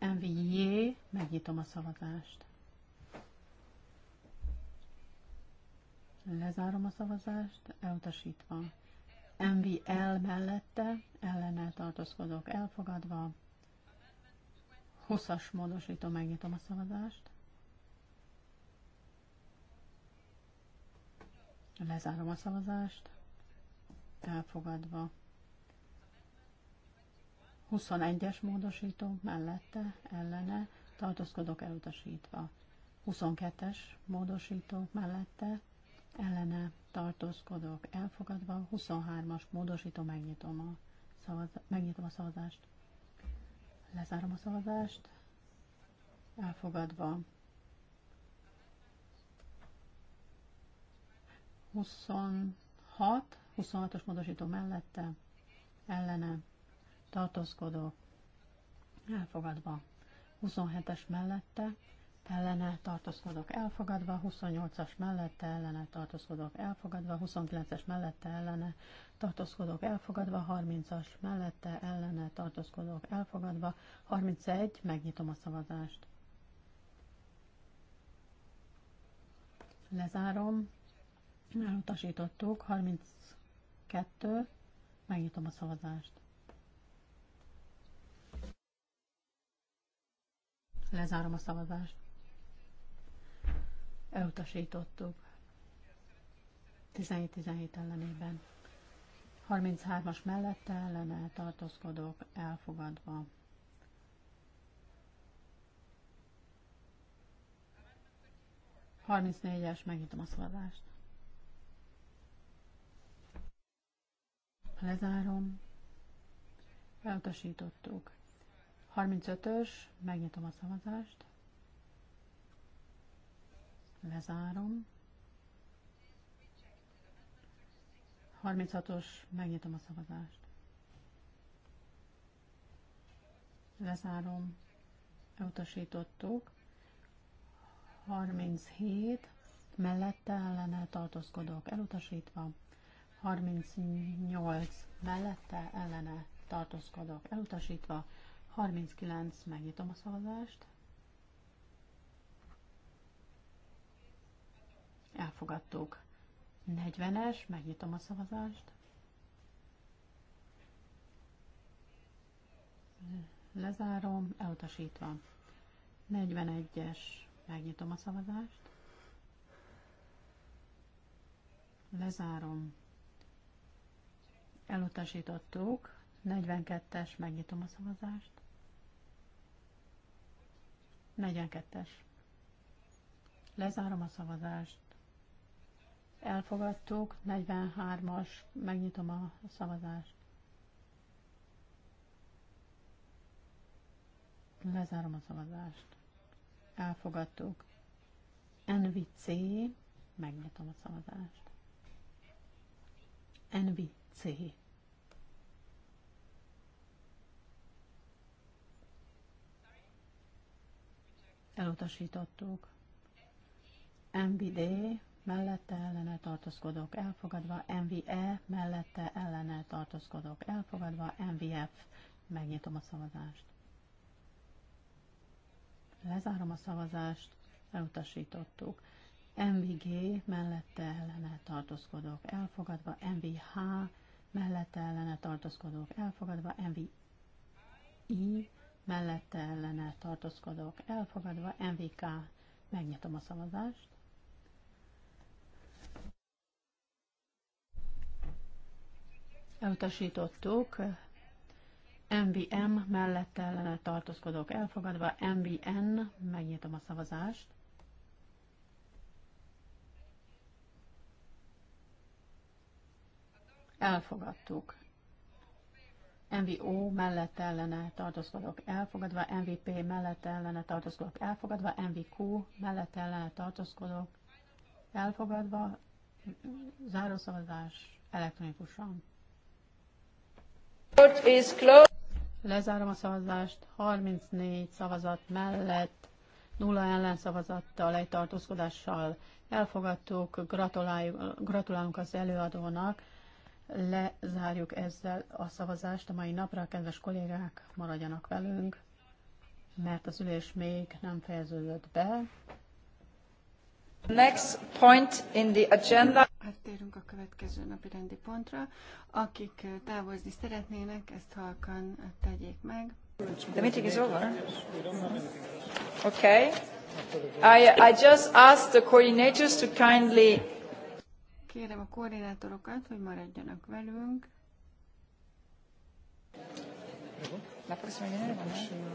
MVJ, megnyitom a szavazást. Lezárom a szavazást, elutasítva. MVL mellette, ellene tartózkodok, elfogadva. 20-as módosító, megnyitom a szavazást. Lezárom a szavazást elfogadva. 21-es módosító mellette, ellene, tartózkodok elutasítva. 22-es módosító mellette, ellene, tartózkodok elfogadva. 23-as módosító, megnyitom a, szavaz, megnyitom a szavazást. Lezárom a szavazást. Elfogadva. 26 26-os módosító mellette, ellene, tartózkodó, elfogadva. 27-es mellette, ellene tartózkodok elfogadva, 28-as mellette ellene tartózkodok elfogadva, 29-es mellette ellene tartózkodok elfogadva, 30-as mellette ellene tartózkodok elfogadva, 31, megnyitom a szavazást. Lezárom, elutasítottuk, 30 2. Megnyitom a szavazást. Lezárom a szavazást. Elutasítottuk. 17-17 ellenében. 33-as mellette ellene tartózkodók elfogadva. Harmincnégyes, megnyitom a szavazást. Lezárom. Elutasítottuk. 35-ös, megnyitom a szavazást. Lezárom. 36-os, megnyitom a szavazást. Lezárom. Elutasítottuk. 37, mellette ellene tartózkodok. Elutasítva. 38 mellette ellene tartózkodok elutasítva, 39 megnyitom a szavazást, elfogadtuk. 40-es, megnyitom a szavazást. Lezárom, elutasítva. 41-es, megnyitom a szavazást. Lezárom, Elutasítottuk. 42-es, megnyitom a szavazást. 42-es. Lezárom a szavazást. Elfogadtuk. 43-as, megnyitom a szavazást. Lezárom a szavazást. Elfogadtuk. NVC, megnyitom a szavazást. NVC. Sí. Elutasítottuk. MBD mellette ellene tartozkodok. elfogadva, MVE mellette ellene tartozkodok. elfogadva, MVF megnyitom a szavazást. Lezárom a szavazást, elutasítottuk. MVG mellette ellene tartózkodok elfogadva, MVH mellette ellene tartózkodók elfogadva, MVI mellette ellene tartózkodók elfogadva, MVK megnyitom a szavazást. Elutasítottuk, MVM mellette ellene tartózkodók elfogadva, MVN megnyitom a szavazást. elfogadtuk. MVO mellett ellene tartozkodok elfogadva, MVP mellett ellene tartozkodok elfogadva, MVQ mellett ellene tartozkodok elfogadva, zárószavazás elektronikusan. Lezárom a szavazást, 34 szavazat mellett, nulla ellenszavazattal, egy tartózkodással elfogadtuk, gratulálunk az előadónak, Lezárjuk ezzel a szavazást a mai napra. Kedves kollégák, maradjanak velünk, mert az ülés még nem fejeződött be. Next point in the agenda. Áttérünk a következő napi rendi pontra. Akik távozni szeretnének, ezt halkan tegyék meg. The meeting is over. Okay. I, I just asked the coordinators to kindly Kérem a koordinátorokat, hogy maradjanak velünk. La